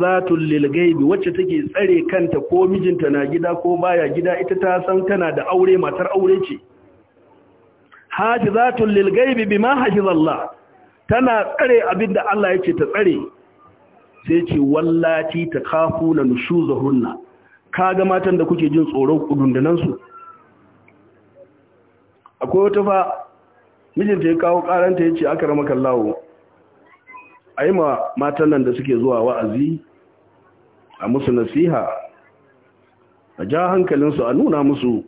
za lil lilgaibi wacce take tsare kanta ko mijinta na gida ko baya gida ita ta san tana da aure matar aure ce hatizatul lil ghaibi bima hafizallah tana tsare abinda Allah yake ta tsare sai ce wallati takafuna nushuzahunna ka ga matan da kuke jin tsoron kudundunansu akwai wata fa mijinta ya kawo karanta ya ce aka rama kallawo a yi ma matan nan da suke zuwa wa'azi a musu nasiha a ja hankalinsu a nuna musu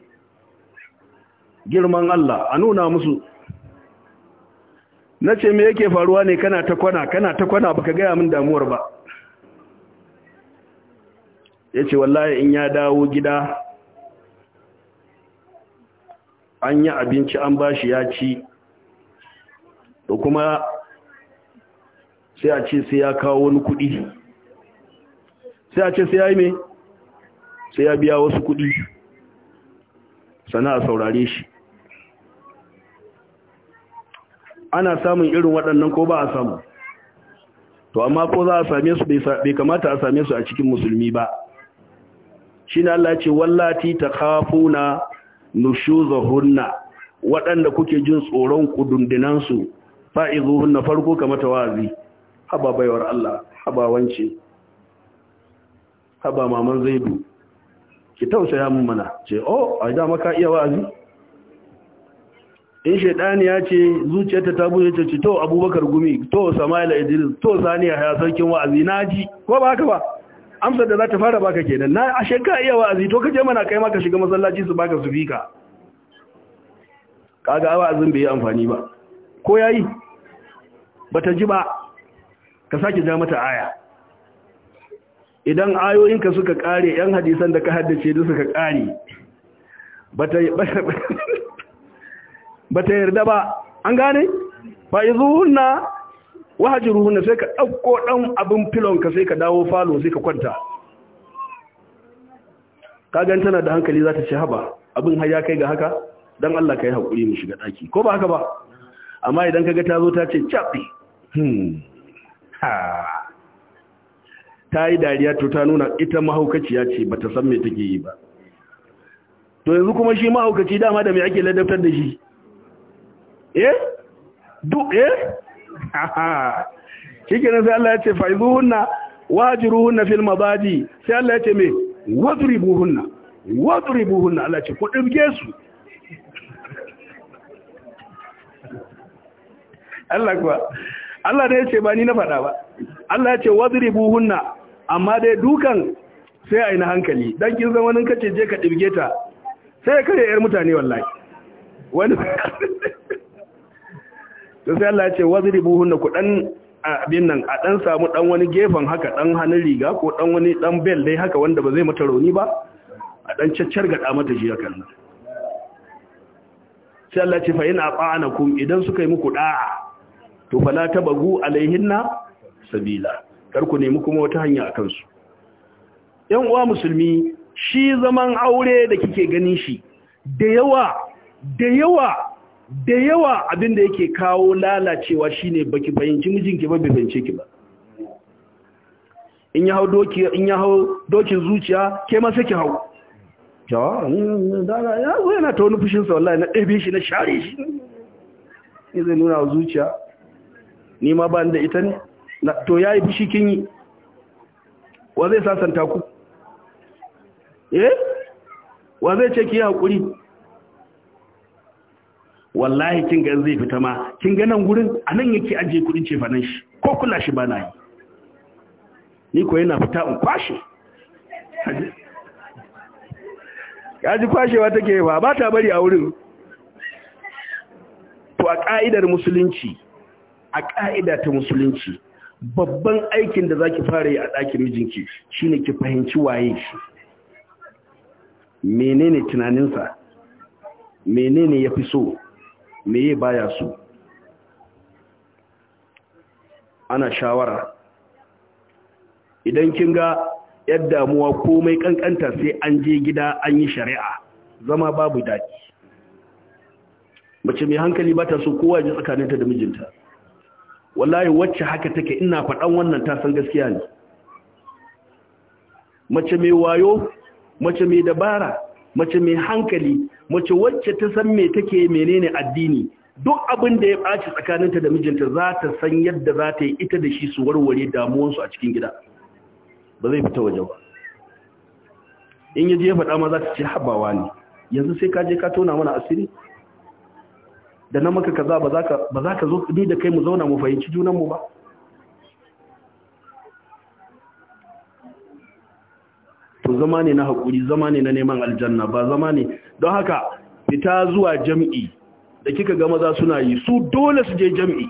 girman Allah a nuna musu na ce me yake faruwa ne kana ta kwana kana ta kwana baka gaya min damuwar ba ya ce wallahi in ya dawo gida an yi abinci an bashi ya ci da kuma sai a ce sai ya kawo wani kuɗi sai a ce sai ya yi mai sai ya biya wasu kuɗi sana a saurare shi ana samun irin waɗannan ko ba a samu to amma ko za a same su bai kamata a same su a cikin musulmi ba shine Allah ya ce wallati takhafuna nushuzahunna waɗanda kuke jin tsoron kudundunan su fa'izuhunna farko kamar tawazi haba baiwar Allah haba wance haba maman zaidu ki tausaya mun mana ce oh a da maka iya wa'azi in shaidani ya ce zuciyarta ta buɗe ta ce to abubakar gumi to sama'ila idris to saniya ya sarkin wa'azi na ji ko ba haka ba amsar da za ta fara baka kenan na ashe ka iya wa'azi to kaje mana kai ma ka shiga masallaci su baka su fika kaga wa'azin bai yi amfani ba ko yayi bata ji ba ka saki ja mata aya idan ayoyin ka suka kare yan hadisan da ka haddace duk suka kare bata bata yarda ba an gane fa izuhunna Wahajin ruhuna sai ka ɗauko ɗan abin filon ka sai ka dawo falo sai ka kwanta kagan tana da hankali za ta ce haba abin haya kai ga haka don Allah ka yi haƙuri mu shiga ɗaki ko ba haka ba amma idan kaga ta zo ta ce caɓi hmm. ta yi dariya to ta nuna ita mahaukaciya ce ba ta san me take yi ba to yanzu kuma shi mahaukaci dama da mai ake ladabtar da shi eh, eh? kike nan sai Allah ya ce faizuhunna wajiruhunna fil mabadi sai Allah ya ce me wadribuhunna wadribuhunna Allah ya ce ku dubge su Allah kuwa Allah da ya ce ba ni na faɗa ba Allah ya ce wadribuhunna amma dai dukan sai a yi na hankali dan kin zama nan kace je ka dubge ta sai ka yi yar mutane wallahi wani to sai Allah ya ce wazribuhunna ku dan abin nan a dan samu dan wani gefen haka dan hannun riga ko dan wani dan bell dai haka wanda ba zai mata rauni ba a dan caccar ga mata jiya kan sai Allah ce fa in aqanakum idan suka yi muku da'a to fala tabagu alaihinna sabila kar ku nemi kuma wata hanya akan su yan uwa musulmi shi zaman aure da kike ganin shi da yawa da yawa da yawa abin da yake kawo lalacewa shine baki bayyanci mijinki ba bai ki ba in ya hau doki in ya hau dokin zuciya ke ma sai ki hau jawa ya zo yana ta wani fushin sa wallahi na ɗebe shi na share shi ni zai nuna wa zuciya ni ma ba da ita ne to yayi fushi kin yi wa zai sasanta ku eh wa zai ce ki hakuri wallahi kin ga zai fita ma kin ga nan gurin a nan yake ajiye kudin cefanen shi ko kula shi ba yi ni ko yana fita in kwashe kaji kwashewa take ba ba ta bari a wurin to a ka'idar musulunci a ka'ida ta musulunci babban aikin da zaki fara yi a ɗakin mijinki shine ki fahimci waye shi menene tunaninsa menene ya fi so meye baya so ana shawara idan kin ga yadda damuwa komai kankanta sai an je gida an yi shari'a zama babu daki mace mai hankali ba ta so kowa ji tsakaninta da mijinta wallahi wacce haka take ina faɗan wannan ta san gaskiya ne mace mai wayo mace mai dabara mace mai hankali mace wacce ta san me take menene addini duk abin da ya ɓaci tsakaninta da mijinta za ta san yadda za ta yi ita da shi su warware damuwansu a cikin gida ba zai fita waje ba in yaje ya faɗa ma za ta ce habawa ne yanzu sai ka je ka tona mana asiri da na maka kaza ba za ka zo ni da kai mu zauna mu fahimci junanmu ba to zama ne na haƙuri zama ne na neman aljanna ba zama ne don haka fita zuwa jam'i da kika ga maza suna yi su dole su je jam'i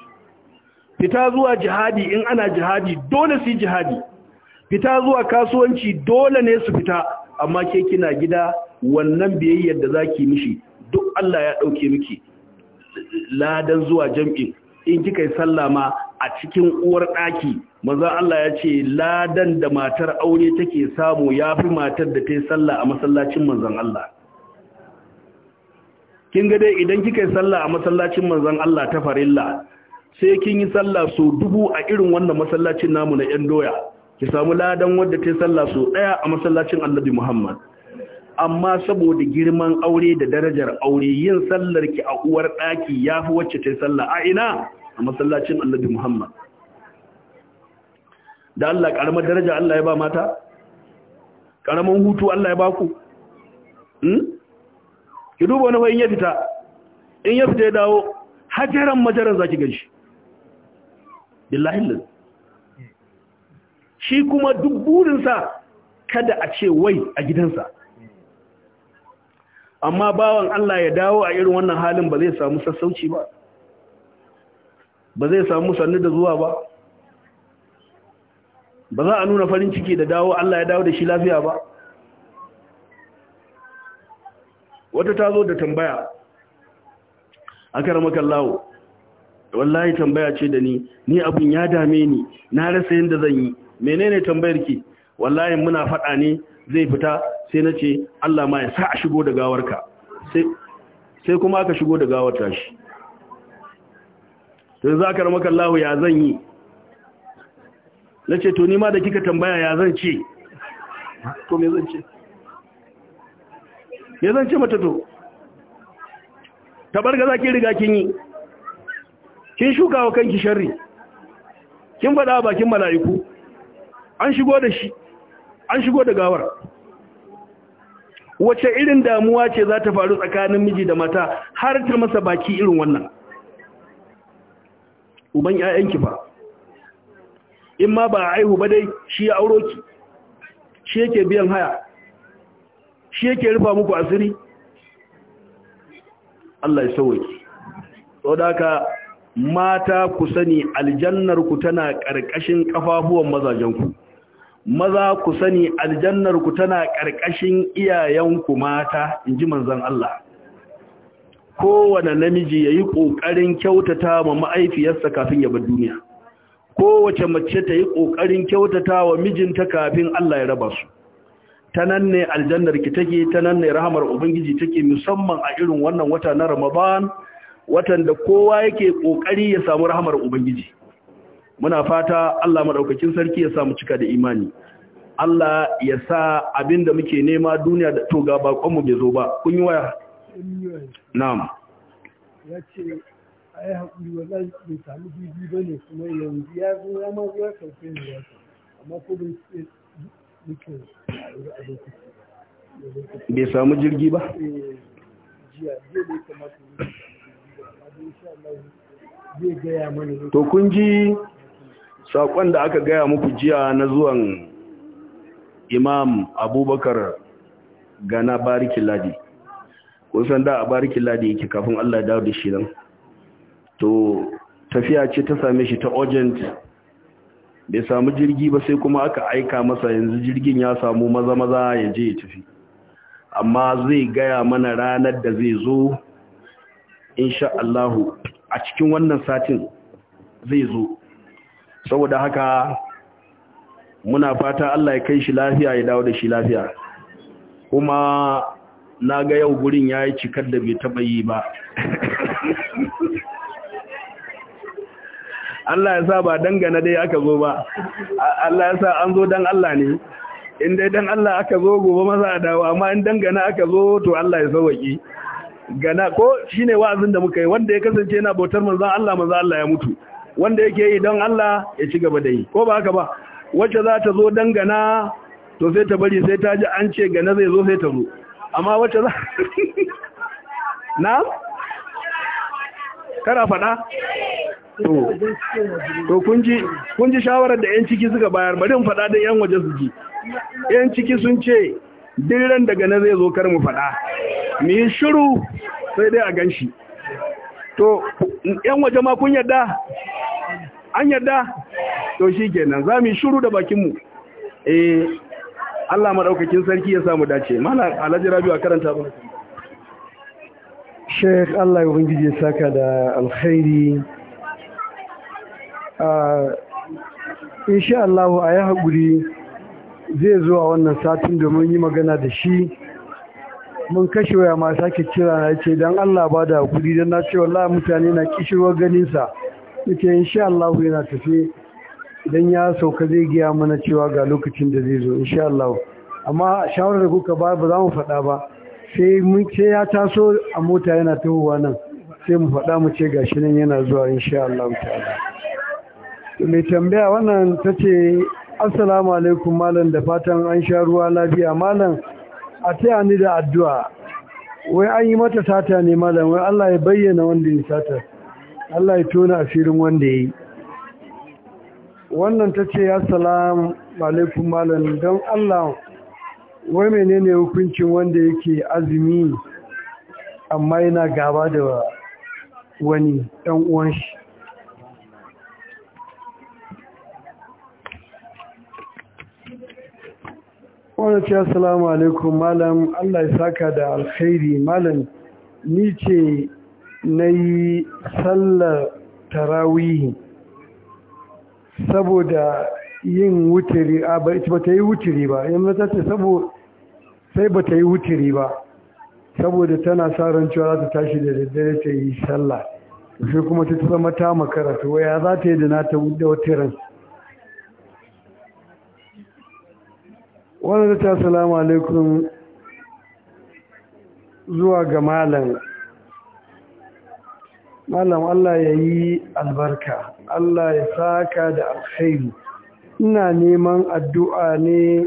fita zuwa jihadi in ana jihadi dole su yi jihadi fita zuwa kasuwanci dole ne su fita amma ke kina gida wannan biyayyar da zaki mishi duk Allah ya dauke miki ladan zuwa jam'i in kika yi sallama a cikin uwar daki manzon Allah ya ce ladan da matar aure take samu ya fi matar da ta yi sallah a masallacin manzon Allah kin ga dai idan kika yi sallah a masallacin manzon Allah ta farilla sai kin yi sallah so dubu a irin wannan masallacin namu na yan doya ki samu ladan wadda ta yi sallah so ɗaya a masallacin Annabi Muhammad amma saboda girman aure da darajar aure yin sallar ki a uwar ya fi wacce ta yi sallah a ina a masallacin Annabi Muhammad da Allah karamar daraja Allah ya ba mata karamar hutu Allah ya ba ku hmm? ki duba wani bayan ya fita in ya fita ya dawo hajaran majaran zaki ganshi billahi shi kuma duk burinsa kada a ce wai a gidansa amma bawan Allah ya dawo a irin wannan halin ba zai samu sassauci ba ba zai samu sannu da zuwa ba ba za a nuna farin ciki da dawo Allah ya dawo da shi lafiya ba wata ta zo da tambaya a karamaka lawo wallahi tambaya ce da ni ni abin ya dame ni na rasa yadda zan yi menene tambayar ki wallahi muna faɗa ne zai fita sai na ce Allah ma ya sa a shigo da gawarka sai kuma aka shigo da gawar tashi to za aka ramaka lawo ya zan yi na ce to nima da kika tambaya ya zan ce to me zan ce ya zan ce mata to tabar ga za ki riga kin yi kin shuka wa kanki sharri kin faɗa bakin mala'iku an shigo da shi an shigo da gawar wace irin damuwa ce za ta faru tsakanin miji da mata har ta masa baki irin wannan uban 'ya'yanki ba in ma ba aihu ba dai shi ya auro ki shi yake biyan haya shi yake rufa muku asiri Allah ya sauke saboda mata ku sani aljannar ku tana karkashin kafafuwan mazajen ku maza ku sani aljannar ku tana karkashin iyayenku mata inji manzon Allah kowane namiji yayi kokarin kyautata ma ma'aifiyarsa kafin ya bar duniya kowace mace ta yi ƙoƙarin kyautata wa mijinta kafin Allah ya raba su ta nan ne aljannar ki take ta nan ne rahamar ubangiji take musamman a irin wannan wata na ramadan watan da kowa yake ƙoƙari ya samu rahamar ubangiji muna fata Allah maɗaukakin sarki ya samu cika da imani Allah ya sa abin da muke nema duniya da to ga bakon bai zo ba kun yi waya na'am ce, a yi haƙuri bai samu ya zo ya ma jirgi ba eh, jiya to kun ji saƙon da aka gaya muku jiya na zuwan imam abubakar gana bariki ladi kusan da a barikin ladi yake kafin allah ya dawo da shi nan to tafiya ce ta same shi ta urgent bai samu jirgi ba sai kuma aka aika masa yanzu jirgin ya samu maza-maza ya je ya tafi amma zai gaya mana ranar da zai zo insha Allahu a cikin wannan satin zai zo saboda haka muna fata Allah ya kai shi lafiya ya dawo da shi lafiya kuma na ga yau gurin ya yi cikar da bai taba yi ba Allah ya sa ba dangane dai aka zo ba Allah ya sa an zo dan Allah ne in dai dan Allah aka zo gobe maza a dawo amma in dangane aka zo to Allah ya sauki gana ko shine wa'azin da muka yi wanda ya kasance yana bautar manzon Allah manzon Allah ya mutu wanda yake yi don Allah ya ci gaba da yi ko ba haka ba wacce za ta zo dangana to sai ta bari sai ta ji an ce gana zai zo sai ta zo amma wacce za na kana faɗa to kun ji shawarar da 'yan ciki suka bayar bari in faɗa da 'yan waje su ji 'yan ciki sun ce dirran daga na zai zo kar mu faɗa mu yi shiru sai dai a gan shi to 'yan waje ma kun yadda an yadda to shi kenan za mu yi shiru da bakinmu eh Allah maɗaukakin sarki ya samu dace mana alhaji rabiu a karanta ba Sheikh Allah ya Ubangiji ya saka da alkhairi insha Allah a yi haƙuri zai zuwa wannan satin domin yi magana da shi mun kashe waya ma sake kira na ce don Allah ba da haƙuri don na ce wallah mutane na ƙishirwa ganinsa nake insha Allah yana tafi don ya sauka zai giya mana cewa ga lokacin da zai zo insha Allah amma shawarar da kuka ba ba za mu faɗa ba sai ya taso a mota yana tahowa nan sai mu faɗa mu ce gashi nan yana zuwa insha Allah ta'ala mai tambaya wannan ta ce assalamu alaikum malam da fatan an sha ruwa lafiya malam a taya ni da addu'a wai an yi mata sata ne malam wai Allah ya bayyana wanda ya sata Allah ya tona asirin wanda ya yi wannan ta ce assalamu alaikum malam don Allah wai menene hukuncin wanda yake azumi amma yana gaba da wani ɗan uwan shi wani ce 'Asalamu alaikum malam allah ya saka da alkhairi malam ni ce na yi sallar tarawihi saboda yin wuturi a ba ta yi wuturi ba yin mata ce sai ba ta yi wuturi ba saboda tana sa ran cewa za ta tashi da daddare ta yi sallah shi kuma ta zama ta makarata waya za ta yi da na ta da ta salamu alaikum zuwa ga malam malam Allah ya yi albarka Allah ya saka da alkhairu. ina neman addu'a ne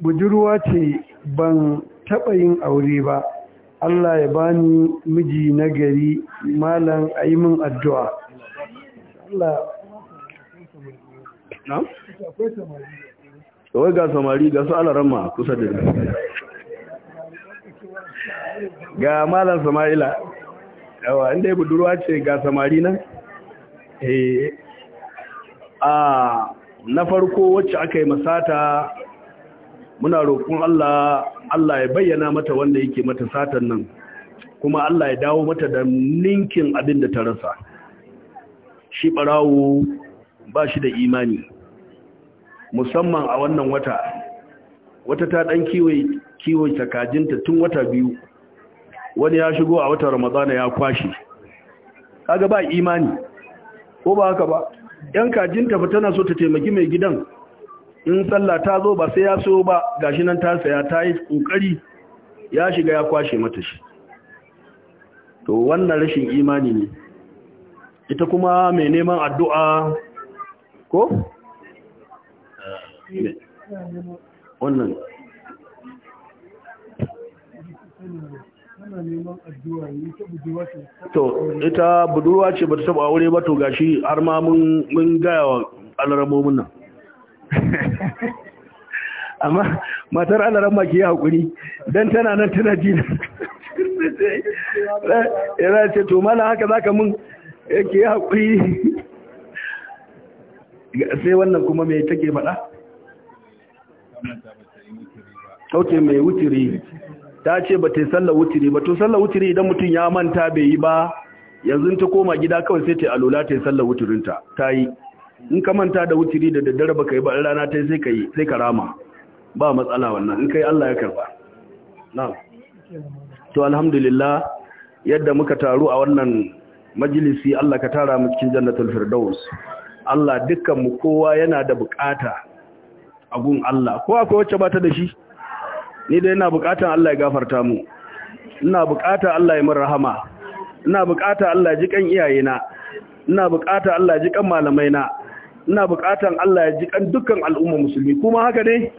budurwa ce ban taɓa yin aure ba Allah ya bani miji nagari, malam a yi min addu'a Allah kawai ga samari ga su alarama kusa da ni ga malam sama'ila yawa inda ya budurwa ce ga samari nan eh. a na farko wacce aka yi masata muna roƙon Allah Allah ya bayyana mata wanda yake mata satan nan kuma Allah ya dawo mata da ninkin abin da ta rasa shi ɓarawo ba shi da imani musamman a wannan wata wata ta ɗan kiwo kajinta tun wata biyu wani ya shigo a wata ramadana ya kwashe kaga ba imani ko ba haka ba yan kajinta fa tana so ta taimaki mai gidan in sallah ta zo ba sai ya so ba gashi nan ta saya ta yi kokari ya shiga ya kwashe mata shi to wannan rashin imani ne ita kuma mai neman addu'a ko wannan to ita budurwa ce ba ta taba aure ba to gashi har ma mun gaya wa alaramomin nan amma matar alarama ke hakuri don tana nan tana jina yana ce to mana haka zaka mun eh, ke hakuri, sai wannan kuma me take faɗa ok mai wuturi ta ce ba ta yi sallar wuturi ba to sallar wuturi idan mutum ya manta bai yi ba yanzu ta koma gida kawai sai ta yi alola ta yi sallar wuturinta ta yi in ka manta da wuturi da daddare ba ka yi ba rana ta yi sai ka rama ba matsala wannan in ka yi Allah ya karba Na to alhamdulillah yadda muka taru a wannan majalisi Allah ka tara mu cikin jannatul firdaus Allah dukkan mu kowa yana da bukata a gun Allah ko akwai wacce bata da shi ni dai ina bukatan Allah ya gafarta mu ina bukata Allah ya min rahama ina bukata Allah ya ji kan iyayena ina bukata Allah ya ji kan na. ina bukatan Allah ya ji kan dukkan al'umma musulmi kuma haka ne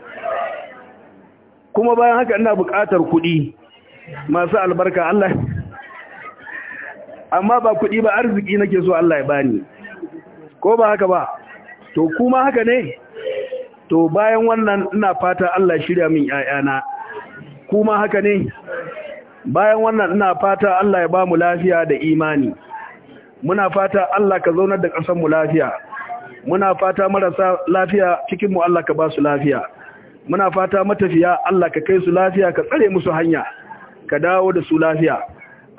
kuma bayan haka ina bukatar kuɗi masu albarka Allah amma ba kuɗi ba arziki nake so Allah ya bani ko ba haka ba to kuma haka ne to bayan wannan ina fata Allah shirya min ƴaƴana kuma haka ne bayan wannan ina fata Allah ya ba mu lafiya da imani muna fata Allah ka zaunar da ƙasar mu lafiya muna fata marasa lafiya cikin mu Allah ka ba su lafiya muna fata matafiya Allah ka kai su lafiya ka tsare musu hanya ka dawo da su lafiya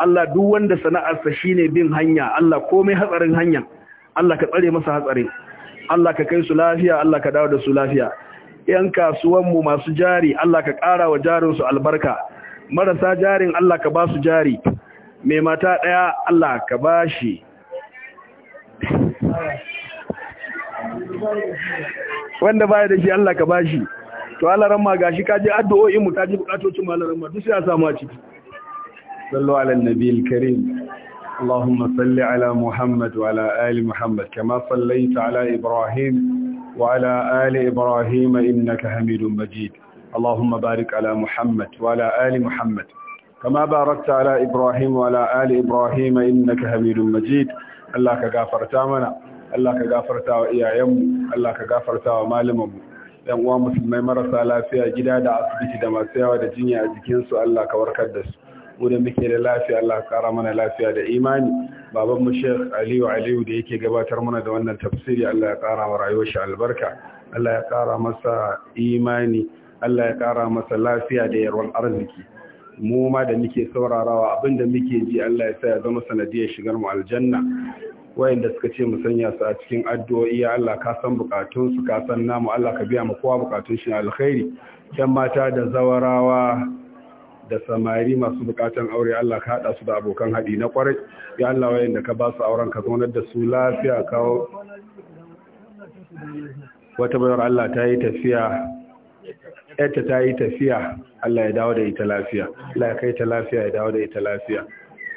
Allah duk wanda sana'arsa shine bin hanya Allah komai hatsarin hanya Allah ka tsare masa hatsarin Allah ka kai su lafiya Allah ka dawo da su lafiya yan kasuwanmu masu jari Allah ka ƙara wa jarinsu albarka marasa jarin Allah ka ba su jari mai mata ɗaya Allah ka ba shi wanda baya da shi Allah ka ba shi, to alaran ma gashi ji addu'o'in mu ji bukatocin malaran ma duk sai a samu a ciki sallallahu alannabi alkarim اللهم صل على محمد وعلى آل محمد كما صليت على إبراهيم وعلى آل إبراهيم إنك حميد مجيد اللهم بارك على محمد وعلى آل محمد كما باركت على إبراهيم وعلى آل إبراهيم إنك حميد مجيد الله كغفرت منا الله كغفرت وإياهم الله كغفرت ومالمهم yan uwa musulmai marasa lafiya gida da asibiti da masu yawa da jinya a jikinsu Allah ka warkar da su mu muke da lafiya Allah kara mana lafiya da imani baban mu Sheikh Aliyu Aliyu da yake gabatar mana da wannan tafsiri Allah ya kara wa rayuwar shi albarka Allah ya kara masa imani Allah ya kara masa lafiya da yarwan arziki mu ma da muke saurarawa abinda muke ji Allah ya sa ya zama sanadiyar shigar mu aljanna wayanda suka ce mu sanya su a cikin addu'o'i ya Allah ka san bukatun su ka san namu Allah ka biya mu kowa bukatun shi alkhairi yan mata da zawarawa da samari masu bukatan aure Allah ka haɗa su da abokan haɗi na kwarai ya Allah wayan da ka ba su auren ka zaunar da su lafiya kawo wata bayar Allah ta yi tafiya Yadda ta yi tafiya Allah ya dawo da ita lafiya Allah ya kai ta lafiya ya dawo da ita lafiya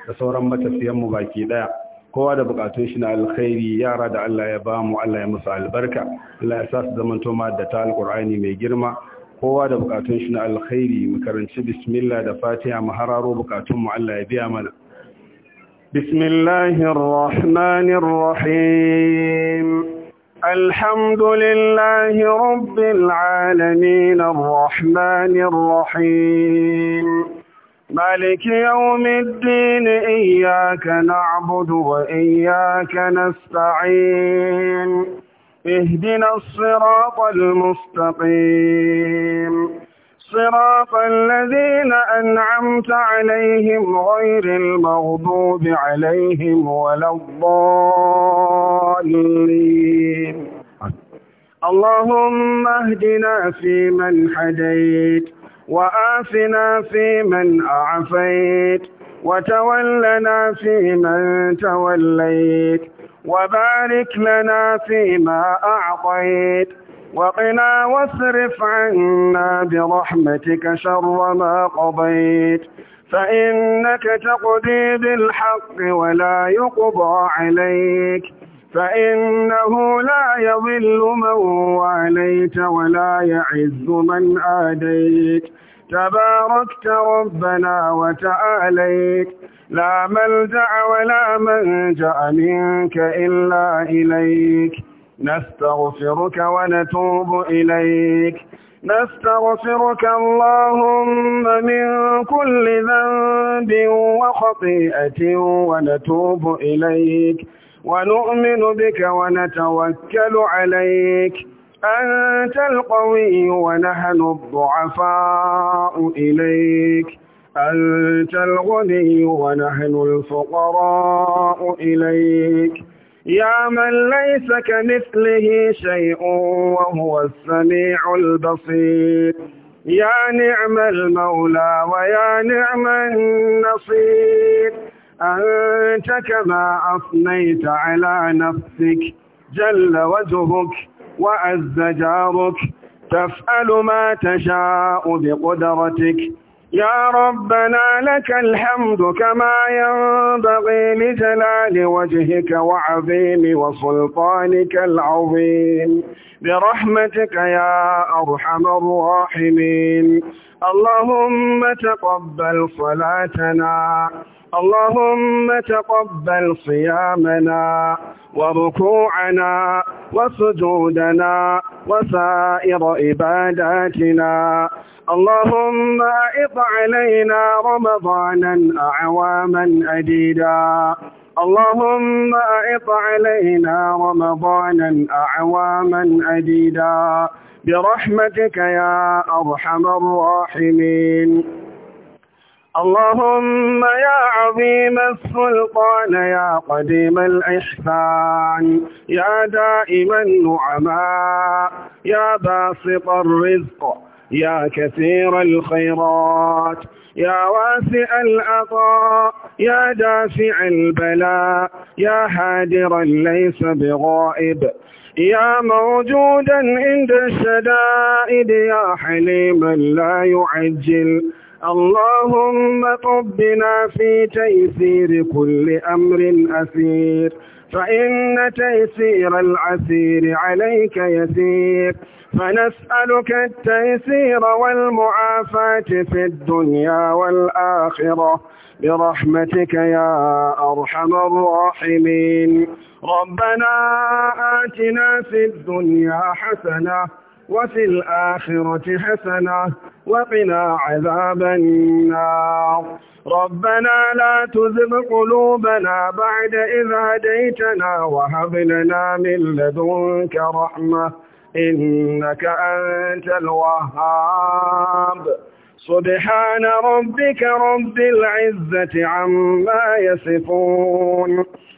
da sauran mu baki daya kowa da bukatun shi na alkhairi yara da Allah ya ba mu Allah ya musu albarka Allah ya sa su zamanto ma da ta alqur'ani mai girma kowa da bukatun shi na alkhairi mu karanci bismillah da fatiha mu hararo bukatun mu Allah ya biya mana bismillahir alhamdulillahi rabbil alamin arrahmanir rahim مالك يوم الدين إياك نعبد وإياك نستعين اهدنا الصراط المستقيم صراط الذين أنعمت عليهم غير المغضوب عليهم ولا الضالين اللهم اهدنا فيمن هديت وآفنا فيمن أعفيت وتولنا فيمن توليت وبارك لنا فيما أعطيت وقنا واصرف عنا برحمتك شر ما قضيت فإنك تقضي بالحق ولا يقضى عليك فإنه لا يضل من واليت ولا يعز من آديت تباركت ربنا وتعاليت لا ملجأ ولا منجع منك إلا إليك نستغفرك ونتوب إليك نستغفرك اللهم من كل ذنب وخطيئة ونتوب إليك ونؤمن بك ونتوكل عليك أنت القوي ونحن الضعفاء إليك أنت الغني ونحن الفقراء إليك يا من ليس كمثله شيء وهو السميع البصير يا نعم المولى ويا نعم النصير أنت كما أثنيت على نفسك جل وجهك وعز جارك تفعل ما تشاء بقدرتك يا ربنا لك الحمد كما ينبغي لجلال وجهك وعظيم وسلطانك العظيم برحمتك يا أرحم الراحمين اللهم تقبل صلاتنا اللهم تقبل صيامنا وركوعنا وسجودنا وسائر عباداتنا اللهم أعط علينا رمضانا أعواما أديدا اللهم أعط علينا رمضانا أعواما أديدا برحمتك يا أرحم الراحمين اللهم يا عظيم السلطان يا قديم الإحسان يا دائم النعماء يا باسط الرزق يا كثير الخيرات يا واسع العطاء يا دافع البلاء يا هادر ليس بغائب يا موجودا عند الشدائد يا حليما لا يعجل اللهم طبنا في تيسير كل أمر أسير فإن تيسير العسير عليك يسير فنسألك التيسير والمعافاة في الدنيا والآخرة برحمتك يا أرحم الراحمين ربنا آتنا في الدنيا حسنة وفي الآخرة حسنة وقنا عذاب النار ربنا لا تزغ قلوبنا بعد إذ هديتنا وهب لنا من لدنك رحمة إنك أنت الوهاب سبحان ربك رب العزة عما يصفون